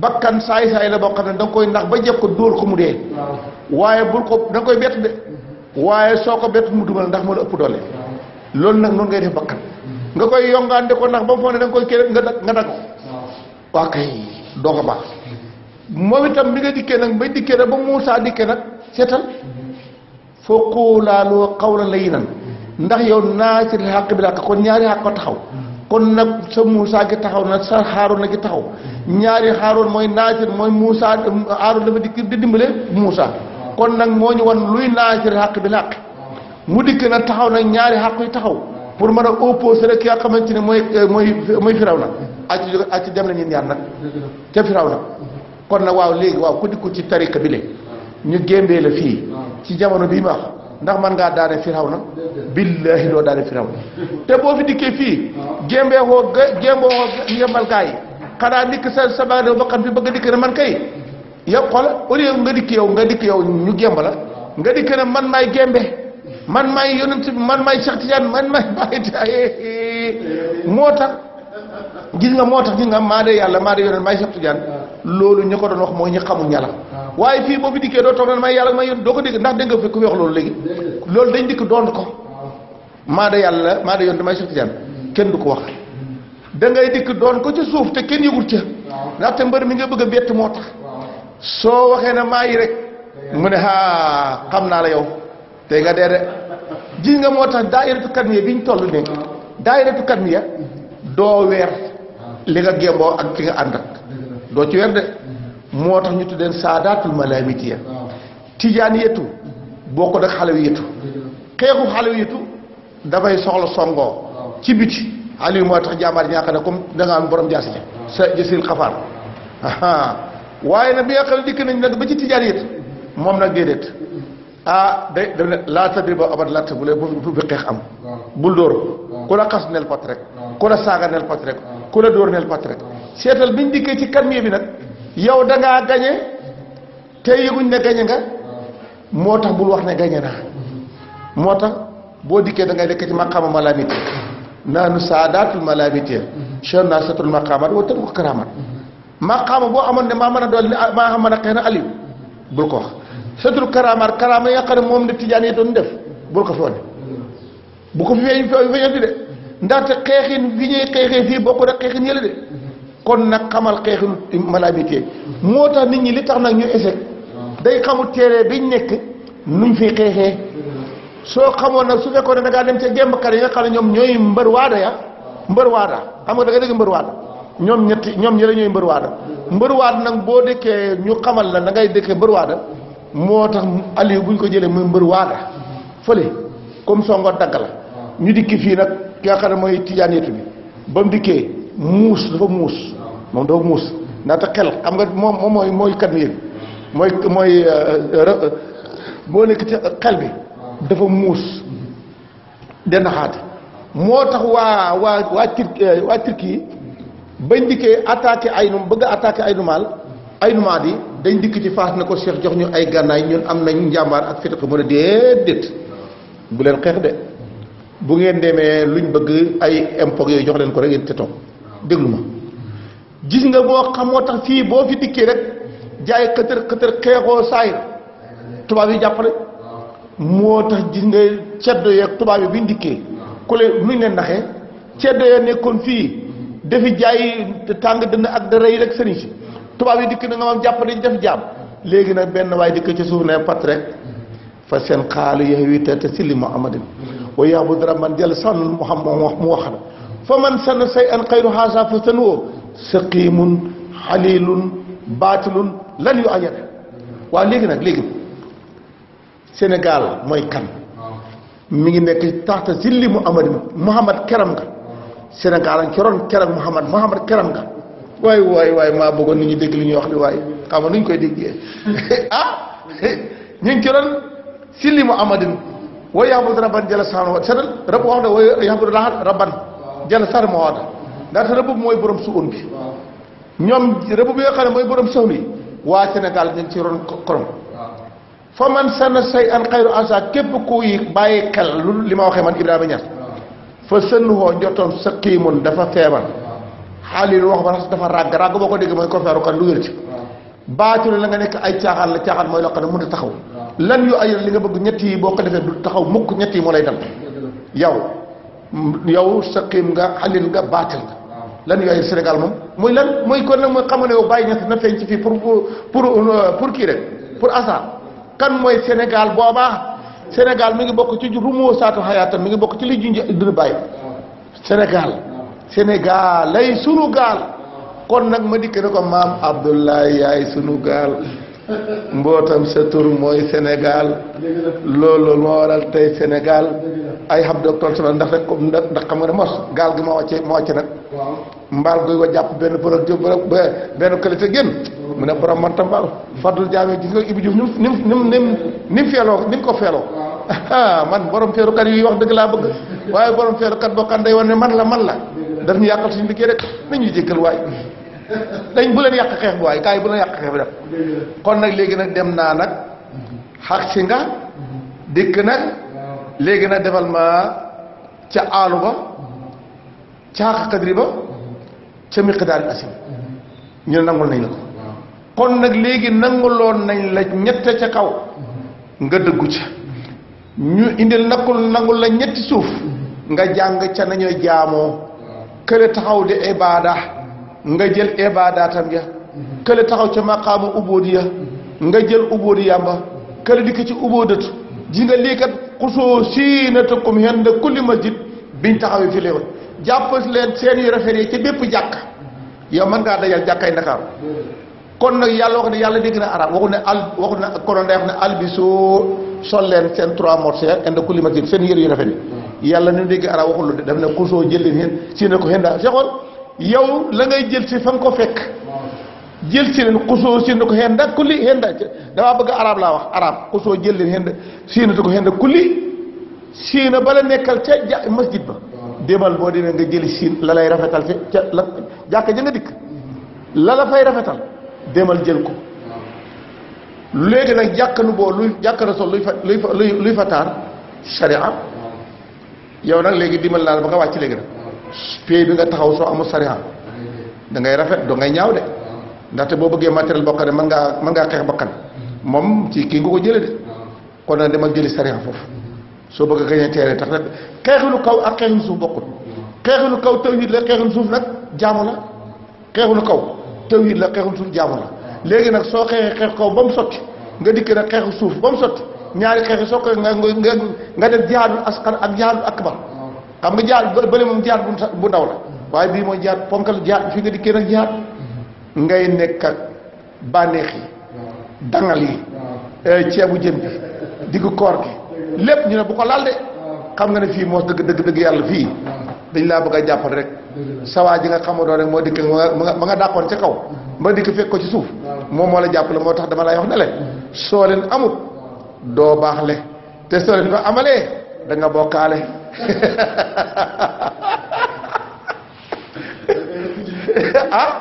bakkan say say la boo xam ne koy nax ba jëpp ko dóor ko mudé waye bul ko dang koy bet de waye soko bet mu dugal ndax mo la upp doole lol nak non ngay def bakkan nga koy yongaande ko nax ba mu foog koy kii nga nga dag wa kay do ko ba mo witam bi nga dikkee nak ba dikkee ba Moussa dikkee nak seetal foo ko layinan ndax yow naa ci haqq bi kon ñaari haqq taxaw kon nag sa Moussa gi taxaw na sa Haaruna gi taxaw ñaari Haaruna mooy naasir mooy Moussa Haaruna dafa dikk di dimbale muusa kon nag moo ñu wan luy naasir xàq bi làq mu dikk nag taxaw nag ñaari xàq yi taxaw pour mën a opposé rek ki nga xamante ne mooy euh, mooy mooy Firawna acci jóg acci dem la ñun ñaar nag ca na kon na waaw léegi waaw ku dikku ci tariqa bi le ñu gémbee la fii ci jamono bii ma ndax man ngaa daane firaw na billaahi doo daane firaw na te boo fi dikkee fii jémbee xoo jémboo xoo ngembal gaa yi xanaa dikk sa sa baa xam bi bëgg a dikk ne man kay yow xoola au nga dikk yow nga dikk yow ñu gémb la nga dikk ne man maay gémbe man maay yonent bi man maay Cheikh Tidiane man maay Baye moo tax gis nga moo tax gis nga maa de yàlla maa de yonent maay Cheikh Tidiane loolu ñi ko doon wax mooy ñi xamul yàlla ah. waaye fii boo fi dikkee doo toog na may yàlla may yoon doo ko dégg ndax nga fi ku fi loolu léegi loolu dañ dikk doon ko ah. maa yàlla maa da yoon damay Cheikh hmm. kenn du ko wax hmm. da ngay dikk doon ko ca suuf te kenn yëgul ca ah. ndaxte mbër mi nga bëgg a bett moo tax soo waxee ne maa yi rek eh. mu ne aa xam naa la yow tey nga dee de ji nga moo tax daayiratu kadmiya bi ñu toll ne daayiratu kadmiya hmm. doo weer li nga gémboo ak ki nga ànd ak doo ci weer de moo tax ñu tuddeen saadaatul malamitiya tijaan yetu boo ko de xale yetu xeexu xale yetu dafay soxla songoo ci biti Aliou moo tax jaamaar ne comme da am borom jaasi ji sa jësil waaye nag bi nga nañ nag ba ci tijaan yetu moom nag déedéet ah day daf ne laa tadriba abad latt bu lee bu fi xeex am bul dóor ku la xas neel pat rek ku la saaga neel pat rek ku la dóor neel pat rek seetal biñ dikkee ci camion bi nag yow dangaa ngaa gañe te yëguñ ne gañe nga moo tax bul wax ne gañe naa moo tax boo dikkee da ngay nekk ci maqaama malaamite naanu saadaatul malaamite cheikh naa satul maqaamat wa tënku karaamat maqaama boo amoon ne maa mën a dool ne maa mën a xëy na aliou bul ko wax satul karaamat karaama yoo xam ne moom la tijaan yi doon def bul ko fi wane bu ko fi feeñ feeñati de ndaxte xeexin fi ñuy xeexee fii bokkul ak xeexin yële de kon nag xamal xeexul malamité moo tax nit ñi li tax nag ñu échec day xamul téere biñ nekk nuñ fi xeexee soo xamoon nag su fekkoon ne da ngaa dem ca gembkat yi nga xam ne ñoom ñooy mbër waada ya mbër waada xam nga da nga dégg mbër waada ñoom ñetti ñoom ñi la ñooy nag boo dëkkee ñu xamal la da ngay dëkkee mbër waada moo tax Aliou buñ ko jëlee muy mbër waada fële comme songo dagg la ñu dikki fii nag ki nga xam ne mooy tijaan yetu bi ba mu dikkee muus dafa muus moom doo muus ndaxte xel xam nga moom moom mooy mooy kat mi yëg mooy mooy boo euh, euh, euh, nekk ci xel bi dafa muus den xaati moo tax waa waa waa turki waa turki ba dikkee attaqué ay nu bëgg a ay numaal ay numaat yi dañ dikk ci faas na ko Cheikh jox ñu ay gànnaay ñun am nañ njàmbaar ak fitiq mu ne déedéet bu leen xeex de bu ngeen demee luñ bëgg ay impog yooyu jox leen ko rek yéen te toog déglu ma gis nga boo xam moo tax fii boo fi dikkee rek jaay xëtër xëtër xeexoo saay tubaab yi jàppale moo tax gis nga ceddo yeeg tubaab yi bi ndikkee ku leen nuñ leen naxee ceddo yee nekkoon fii dafi jaay tàng dënn ak da rëy rek sëriñ si tubaab yi dikk na nga moom jàpp dañ def jaam léegi nag benn waaye dikk ci suuf ne pat rek fa seen xaalu yeex wi te te silli muhammadin wa yaa bu dara man jël sànn mu xam moom wax mu wax la fa man sann say an xayru haasa fa sën woo saqiimun xaliilun baatilun lan yu ajab waaw léegi nag léegi Sénégal mooy kan mi ngi nekk taxta zilli mu amad Muhammad keram nga Sénégal a ci ron keram Muhammad Muhammad keram nga waay waay waay maa bëggoon nit ñi dégg li ñuy wax li waay xam nu ñu koy déggee ah ñu ngi ci ron silli mu amadin wooy yahbud rabban jala san wa setal ndax rëbb mooy borom suun bi ñoom rëbb bi nga xam mooy borom soxla yi waa Sénégal ñu ngi ci ron korom fa man sana say an xayru ansa képp ku yi bàyyi xel lu li ma waxee man Ibrahima Niass fa sënnuhoo njotoon sa qiimun dafa feebar xaalil wax ba dafa ràgg ràgg boo ko dégg mooy ko feeru kan lu wér ci baatu la nga nekk ay la caaxaan mooy loo xam ne mën taxaw lan yu ay li nga bëgg ñett yi boo ko defee du taxaw mukk ñett yi moo lay dal yow yow sa qiim nga xalil nga baatil nga lan yooyu Sénégal moom muy lan muy kon nag mooy xamu ne bàyyi ña na feeñ ci fii pour pour pour kii rek pour asar kan mooy Sénégal boobaa Sénégal mi ngi bokk ci rumoo saatu xayaatam mi ngi bokk ci li junj dina bàyyi Sénégal Sénégal lay sunu gaal kon nag ma dikk ne ko maam Abdoulaye yaay sunu gaal mbootam sa tur mooy Sénégal loolu moo waral tey Sénégal ay xam docteur sama ndax rek comme ndax xam nga ne mos gaal gi ma wàcce ma wàcce nag mbaal guy wa jàpp benn borom jub benn qualité génn mu ne borom manta mbaal fadul jaame gis nga ibi jub nim nim nim nim feeloo nim ko feeloo ah, man borom feerukat yi wax dëgg laa bëgg waaye borom feerukat boo xam day ne man la man la daf ñu yàqal suñu liggéey rek nañu jéggal waay dañ bu leen yàq xeex bi waaye kaay bu leen yàq xeex bi def kon nag léegi nag dem naa nag xaq si nga dikk nag léegi nag defal ma ca aalu ba ca xaq kadri ba ca miqdaari asim ñu ne nangul nañ la ko kon nag léegi nanguloon nañ la ñett ca kaw nga dëggu ca ñu indil nakul nangul la ñetti suuf nga jàng ca nañu jaamoo kële taxaw di ibaada nga jël ibadaatam ya kële taxaw ca maqaamu ya nga jël ubudiyam ba kële dikk ci ubudatu ji nga lii kat xusuusiinatakum inda kulli masjid biñ taxaw fi léewal jàpp leen seen rafet yi ca bépp jàkk yow mën ngaa dajal jàkkay Ndakaaru kon nag yàlla wax ne yàlla dégg na arab waxu ne al waxu ne konoon day wax ne albisu sol leen seen trois morceaux inda seen yére yu rafet yi yàlla nu dégg arab waxul def na xusoo jël leen seen ko xëy na seqoon yow la ngay jël si fa nga ko fekk jël si leen xusoo séentu ko xenda kulli xenda damaa bëgg arab laa wax arab xusoo jël leen xenda séentu ko xenda kulli siina bala nekkal ca ja masjid ba demal boo dina nga jëli siin la lay rafetal ca ca la jàkka dikk la la fay rafetal demal jël ko léegi nag jàkkanu boo luy jàkkana sol luy fa luy fa luy fa taar yow nag léegi dimbal naa la ba nga wàcc léegi nag fii bi nga taxaw soo amul sariya da ngay rafet doo ngay ñaaw de ndaxte boo bëggee matériel boo xam ne mën ngaa mën ngaa xeex bakkan moom ci kii nga ko jële de kon nag dama jëli sariya foofu soo bëgg a gañee teere tax rek xeexinu kaw ak xeexinu suuf bokkut xeexinu kaw tawhid la xeexinu suuf nag jaamu la xeexinu kaw tawhid la xeexinu suuf jaamu la léegi nag soo xeexee xeex kaw ba mu sotti nga dikk nag xeexu suuf ba mu sotti ñaari xeexi soo ko nga nga nga def jihaadul asqar ak jihaadul akbar xam nga jaar bële mom jaar bu ndaw la mm-hmm. way bi mooy jaar ponkal jaar fi nga dikkee nag jaar mm-hmm. ngay nek ak bànneex yi dangal yi eh, ceebu jën bi diggu koor gi lepp ñu ne bu ko lal de xam nga ne fi mo dëgg dëgg dëgg yalla fi dañ la bëgg jappal rek sa ji nga do rek mo dikk ma nga dakkon ci kaw ma mm-hmm. dikk fekk ko ci suuf mo mo la jappal mo tax dama lay wax dalé le leen amut doo te so leen ko da nga ah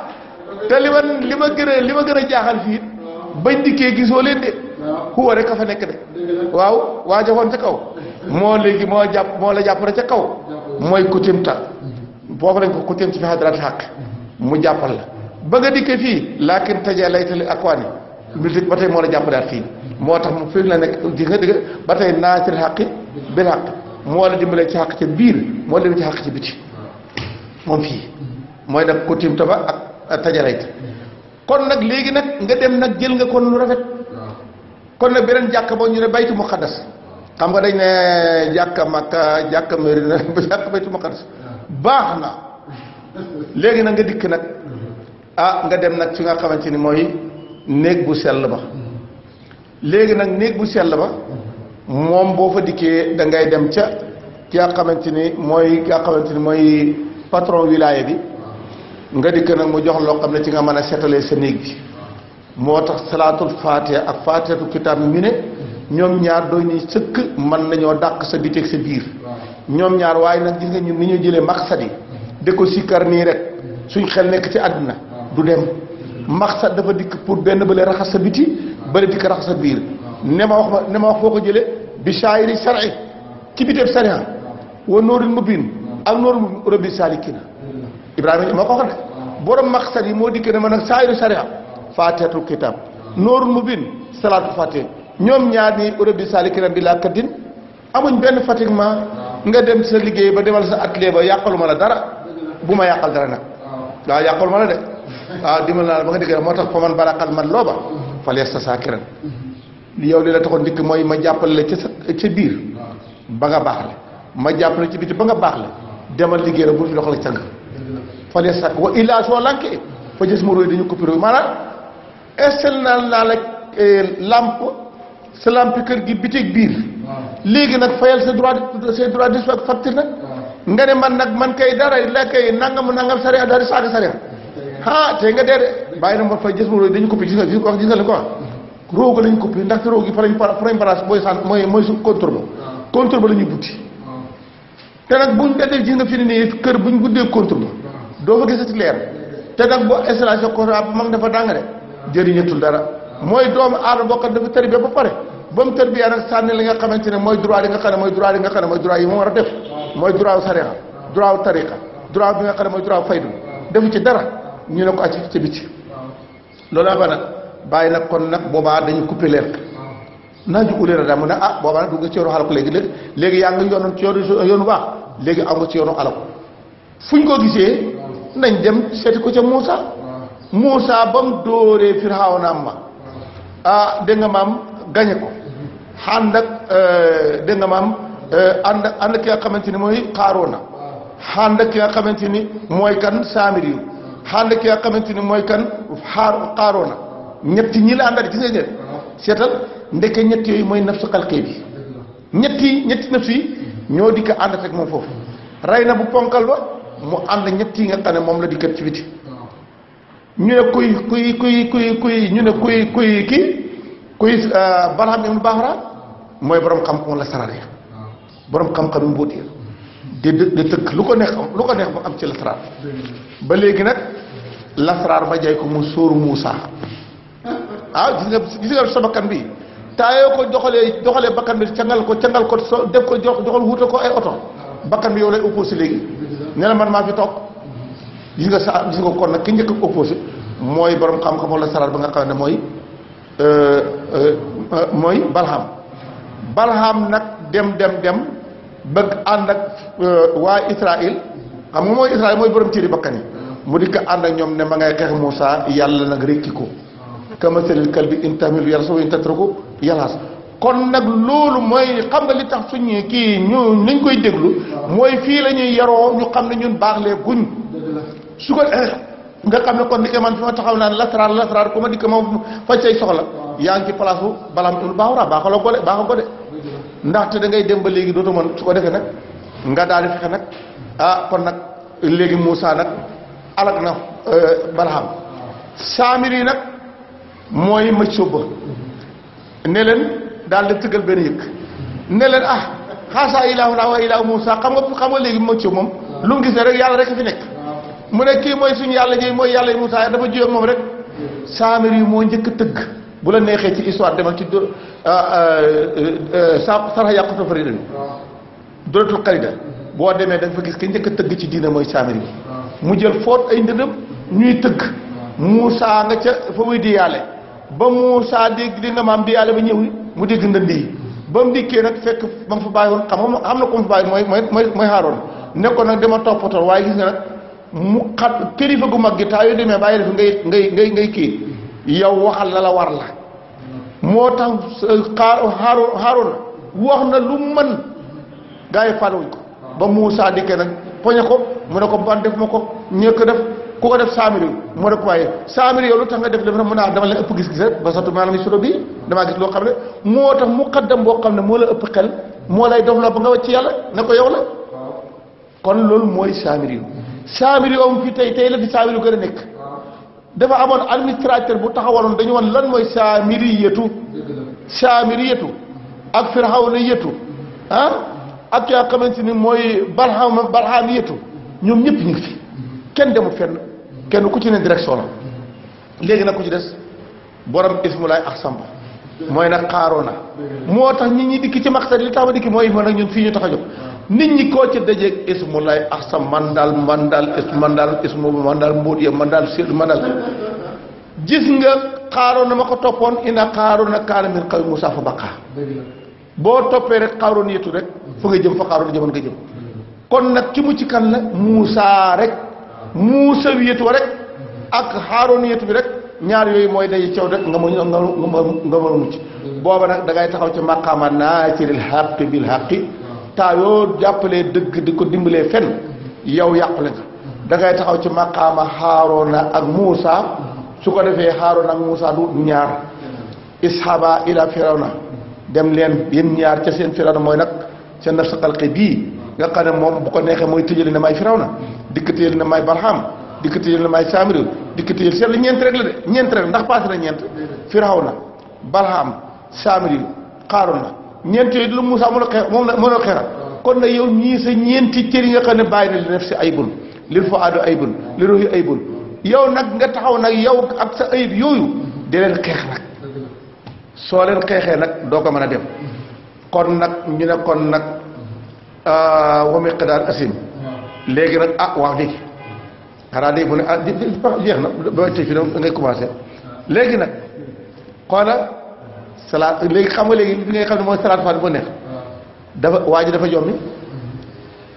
te li ma li ma gën a li ma gën a jaaxal fii bañ dikkee gisoo leen de xuwa rek a fa nekk de waaw waa joxoon ca kaw moo léegi moo jàpp moo la jàpp rek ca kaw mooy kutim ta boobu lañ ko kutim fi xadrat xàq mu jàppal la ba nga dikkee fii laakin tajee laytali akwaani musique ba tey moo la jàpp daal fii moo tax mu fi la nekk di nga dëgg ba tey naasir xaqi bil xaq moo la dimbalee ci xàq ci biir moo leen ci xàq ci biti moom fii mooy nag ku tiim taba ak tajarayt kon nag léegi nag nga dem nag jël nga kon lu rafet kon nag beneen jàkk boo ñu ne baytu muqaddas xam nga dañ ne jàkka makka jàkka baytu muqaddas baax léegi nag nga dikk nag ah nga dem nag ci nga xamante ni mooy néeg bu sell ba léegi nag néeg bu sell ba moom boo fa dikkee da ngay dem ca ki nga xamante ni mooy ki nga xamante ni mooy patron wilaya bi nga dikk nag mu jox loo xam ne ci nga mën a setalee sa néeg bi moo tax salaatul faatiha ak faatihatu kitaab ñu ne ñoom ñaar doo ñuy sëkk mën nañoo dàq sa biteeg sa biir ñoom ñaar waaye nag gis nga ñu ni ñu jëlee maqsad yi di ko sikkar nii rek suñ xel nekk ci àdduna du dem maqsad dafa dikk pour benn bële raxas sa biti bële dikk raxas sa biir ne ma wax ne ma wax foo ko jëlee bi saayiri sarci ci biteeb sariya wa noorul mubin ak noorul rabbi salikina ibrahima moo ko wax de borom maqsad yi moo dikke ne ma nag saayiru sariya faatihatul kitab noorul mubin salaatu fatih ñoom ñaar ni rabbi salikina bi laa amuñ benn fatiguement nga dem sa liggéey ba demal sa atelier ba yàqaluma la dara bu ma yàqal dara nag waaw yàqaluma la de waaw dimbal naa la ba nga diggee moo tax fa man barakal man looba fal sa saakiran li yow li la taxoon dikk mooy ma jàppale la ca sa ca biir ba nga baax la ma jàppale ci biti ba nga baax la demal liggéey la bu fi doxal sang fa illaa soo lànkee fa gis mu roy dañu ko piroo maanaam estel naa naa la eh, làmp sa làmp kër gi bitig biir léegi nag fayal sa droit say droit de man nag man kay dara la kay nangam nangam sariya daal di saaga sariya ah te nga dee de bàyyi na ma fay gis mu roy dañu ko piroo gis nga ko rooga lañ coupé ndaxte roog yi parañ parañ paraas booy saan mooy mooy su contour ba ah. contour ba la ñuy buddi ah. te nag buñ def gis nga fi ne nii kër buñ buddee contour ba ah. doo fa mooy doomu aadama boo xam dafa tërbiya ba pare ba mu tërbiya nag li nga xamante ne mooy droit li nga xam ne mooy droit mooy droit yi mu war bi nga xam ne mooy droit faydu defu ci dara ñu ne ko acci ci biti loolu a ba nag bàyyi nag kon nag boobaa dañu coupé leen naa ju ulee na mu ne ah boobaa nag du nga ci yoonu xalaku léegi léegi léegi yaa ngi yoonu ci yoonu yoonu baax léegi am nga ci yoonu xalaku fu ñu ko gisee nañ dem seeti ko ca Moussa Moussa ba mu dóoree Firawna ma ah dégg nga maam gañe ko ànd ak euh, dégg nga maam euh, ànd ki nga xamante ni mooy Xaaroona ànd ak ki nga xamante ni mooy kan Saamiri yu ànd ki nga xamante ni mooy kan xaar Xaaroona ñetti ñi la àndal gis nga ñett seetal ndeke ñett yooyu mooy nafsu xalqi bi ñetti ñetti nafsu yi ñoo di ko ànd ak moom foofu rey na bu ponkal ba mu ànd ñett yi nga xam ne moom la di kat ci biti ñu ne kuy kuy kuy kuy kuy ñu ne kuy kuy kii kuy euh, barham ibnu baaxara mooy borom xam-xam la saraar ya borom xam-xam yu mbóot ya di di tëkk lu ko neex lu ko neex mu am ci la lasraar ba léegi nag lasraar ba jay ko mu sóoru Muusaa ah gis nga gis nga sa bakkan bi taayoo ko joxalee joxalee bakkan bi cangal ko cangal ko so def ko jox doxal wuutal ko ay oto bakkan bi yow lay opposé léegi ne man maa fi toog gis nga sa gis nga kon nag ki njëkk opposé mooy borom xam-xam wala saraar ba ne mooy euh, euh, mooy balham balham nag dem dem dem bëgg ànd ak euh, waa Israël xam nga mooy Israël mooy borom cëri bakkan yi mu dikk ànd ak ñoom ne ma ngay xeex Moussa yàlla nag rékki ko kamasalil kalbi in tahmilhu yalhas wa in tatruku yalhas kon nag loolu mooy xam nga li tax suñu kii ñu niñ koy déglu mooy fii lañuy yaroo ñu xam ne ñun baaxlee guñ su ko eh, nga xam ne kon ni ko man fi ma taxaw naan lasraar lasraar ku ma dikk ma faj say soxla yaa ngi ci place bu balaamtul baaxuraa baaxala ko de baaxa ko de ndaxte da ngay dem ba léegi dootu mën su ko defee nag nga daal di fexe nag ah kon nag léegi Moussa nag alak na eh, Barham Saamiri nag mooy mëccoo ba ne len dal di tëggal ben yek ne len ah khasa ilaahu naa wa ilaahu Muusaa xam nga xam nga léegi mëccoo mom lu ngi gis rek yalla rek fi nek mu ne ki moy suñu yalla ji moy yalla musa dafa jiyoo mom rek saamir yi moo njëkk tëgg bu la neexee ci histoire demal ci euh euh sa sara yàquta farida bi dootul xarida boo demee da nga fa gis ki njëkk teug ci diina moy saamir mu jël foot ay ndëdëm ñuy teug Muusaa nga ca fa muy di yàlle ba Moussa dégg dégg nga maam di yàlla ba ñëw mu dégg ndënd yi ba mu dikkee nag fekk ba mu fa bàyyi xam xam na ko mu bàyyi mooy mooy mooy mooy Haaroon ne ko nag dama toppatoo waaye gis nga nag mu xat kilifa gu mag gi taa yoo demee bàyyi def ngay ngay nga ngay kii yow waxal la la war la moo tax xaar Haaroon Haaroon wax na lu mën gars yi faluñ ko ba Moussa nag poñe ko mu ne ko ban def ma ko ñëkk def ku ko def cent mille moo recommandé cent mille yow lu tax nga def dafa mën naa dama la ëpp gis-gis rek ba satu maanaam suro bii damaa gis loo xam ne moo tax muqaddam boo xam ne moo la ëpp xel moo lay dof la ba nga wax wàcc yàlla ne ko yow la kon loolu mooy cent mille yu cent mille yu am fi tey tey la fi cent yu gën a nekk dafa amoon administrateur bu taxawaloon dañu woon lan mooy cent mille yi yetu cent mille ak firxaw na yetu ah ak yaa xamante ni mooy barxam barxaan yetu ñëpp ñu ngi fenn kenn ku ci ne direction la léegi nag ku ci des borom ismulaay ak samba mooy nag xaaroo na moo tax nit ñi dikki ci maxtar li tax ma dikki mooy isma nag ñun fii ñu tax a jóg nit ñi koo ci dajeeg ismulaay ak sam man daal man daal man daal ismu man daal mbóot ya man daal sédd man daal gis nga xaaroo na ma ko toppoon ina xaaroo na kaana min xaw Musaa fa boo toppee rek xaaroon yetu rek fa nga jëm fa xaaroon jëmoon nga jëm kon nag ki mu kan la Musaa rek wa rek ak xaaroniyatu bi rek ñaar yooyu mooy day caw rek nga ma nga ma nga ma mucc booba nag da ngay taxaw ci maqaama naaciril xaqi bil xaqi taa yoo jàppalee dëgg di ko dimbalee fen yow yàqule nga dangay taxaw ci maqaama xaaroona ak muusa su ko defee xaaroona ak muusa du ñaar isxaba ila na dem leen yéen ñaar ca seen firawna mooy nag seen ca nafsa xalqi bii nga xam ne moom bu ko neexee mooy tëjali na may Firawna dikk tëjali na may Barham dikk tëjali na may Samiril dikk tëjali seetlu ñeent rek la de ñeent rek ndax passé na ñeent Firawna Barham Samiril Qaruna ñeent yooyu lu Moussa mën a xeex moom la mën kon nag yow ñii sa ñeenti cër yi nga xam ne bàyyi na li naf si aybun lil fuaadu aybun li ruhi aybun yow nag nga taxaw nag yow ak sa ayit yooyu di leen xeex nag soo leen xeexee nag doo ko mën a dem kon nag ñu ne kon nag Euh, wa miqdaar asim hmm. léegi nag ah waaw léegi xanaa léegi ah, jeex na ba tey fii da ngay commencé hmm. léegi nag xoola salaat léegi xam nga léegi li ngay xam ne mooy salaat faat moo neex hmm. dafa waa ji dafa jommi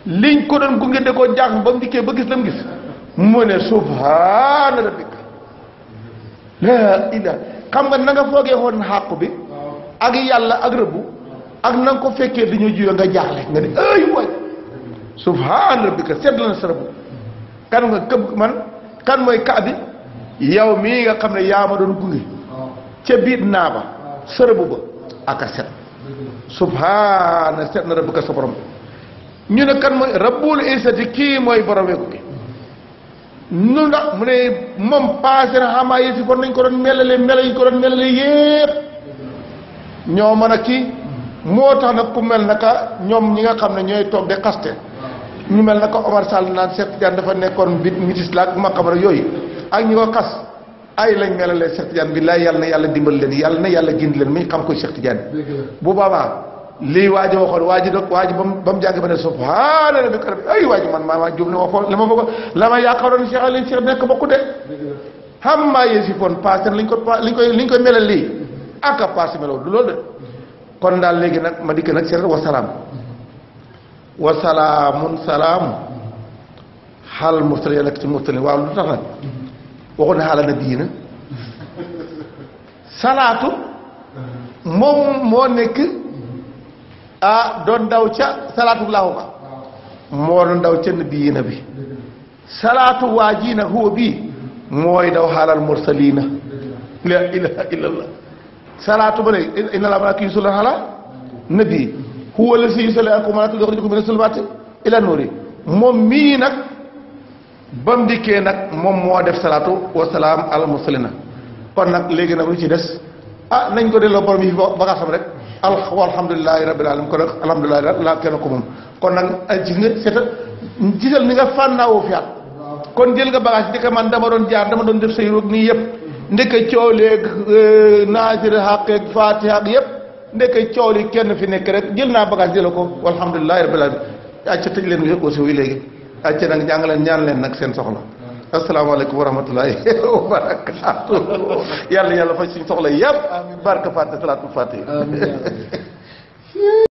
liñ ko doon gunge de koo jàng ba mu dikkee ba gis la mu gis mu ne subhaana rabbika laa ilaa xam nga na nga foogee woon xàqu bi ak yàlla ak rëbbu ak nang ko fekke dañoo juyo nga jaxle nga ne ay way subhan rabbika sedd na sarabu kan nga keub man kan moy kaabi yaw mi nga xamne ya ma doon gungi ci ba ba aka set Subhan set na rabbika sa ñu ne kan moy rabbul isati ki moy borom ko gi nu na mu ne moom passé na nañ ko doon melale mela ko doon melale yeep ñoo ki moo tax nag ku mel naka ñoom ñi nga xam ne ñooy toog de xaste ñu mel naka Omar Sall naan Cheikh Tidiane dafa nekkoon bit mitis laak bu ma xam rek yooyu ak ñi ko xas ay lañ melalee Cheikh laa yàlla na yàlla dimbal leen yàlla na yàlla gindi leen muy xam ko Cheikh Tidiane bu boobaa lii waa ji waxoon waa ji nag waa ji ba ba mu jàng ba ne waa ji man maa maa ma foofu la ma bëgg la ma maa yee si foon passé ko liñ koy liñ koy melal lii ak passé meloo du loolu de kon daal léegi nag ma dikk nag seet wasalaam wasalaamun salaam xaalal muftali yàlla ci muftali waaw lu tax nag waxu ne xaalal na bii na salaatu moom moo nekk ah doon daw ca salaatu laahu ba moo doon daw ca bi salaatu waa jii na huwa bii mooy daw xaalal mursaliina la ilaha illallah salaatu bële inna laa malaaka yusalluuna alaa nabi huwa lazii yusalli alaykum wa yukhrijukum mina zulumaati ila nuuri moom mii nag ba mu dikkee nag moom moo def salaatu wa salaam alal mursaliina kon nag léegi nag lu ci des ah nañ ko delloo borom yi bagaasam rek alhamdulilahi rabbil alamin kon nag alhamdulilahi laa kenn ko kon nag ay nga c'est gisal ni nga fànnaawoo fiyaat kon jël nga bagage di ko man dama doon jaar dama doon def sa yóog nii yëpp ndeke coow leeg naasir xàqeeg faatiha ak yëpp ndeke coow kenn fi nekk rek jël naa bagage jëla ko walhamdulilahi rabbil alamin acca tëj leen wi si wi léegi acca nag jàng leen ñaan leen nag seen soxla asalaamaaleykum wa rahmatullahi wa barakaatu yàlla yàlla fa suñ soxla yëpp barka fàtte salaatul fàtte